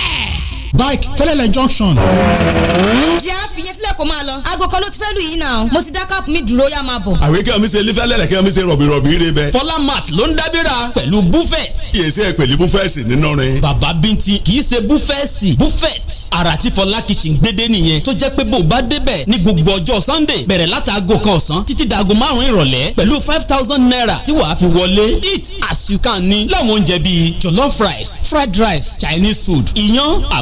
bike fẹlẹlẹ junction. jẹ́ àfiyè sílẹ̀ kó máa lọ aago kan ló ti fẹ́ lù yìí náà mo ti dá káàpù mi dúró yá máa bọ̀. àwé kí omi ṣe lífẹ́lẹ́lẹ̀ kí omi ṣe rọ̀bìrọ̀bì rẹ bẹ́ẹ̀. fọlá mart ló ń dábìra pẹ̀lú buffet. iyèsí ẹ pẹ̀lú buffet nínú rẹ. bàbá bíntín kì í ṣe buffet buffet àrà fọlá kitchen gbédé nìyẹn tó jẹ́ pé bó o bá débẹ̀ ní gbogbo ọjọ́ sunday bẹ̀rẹ̀ látàgò kan ọ̀sán títí dàgò márùn-ún ìrọ̀lẹ́ pẹ̀lú five thousand naira tí wàá fi wọlé eat as you can Ni láwọn oúnjẹ bíi jollof rice fried rice chinese food iyán àmọ́.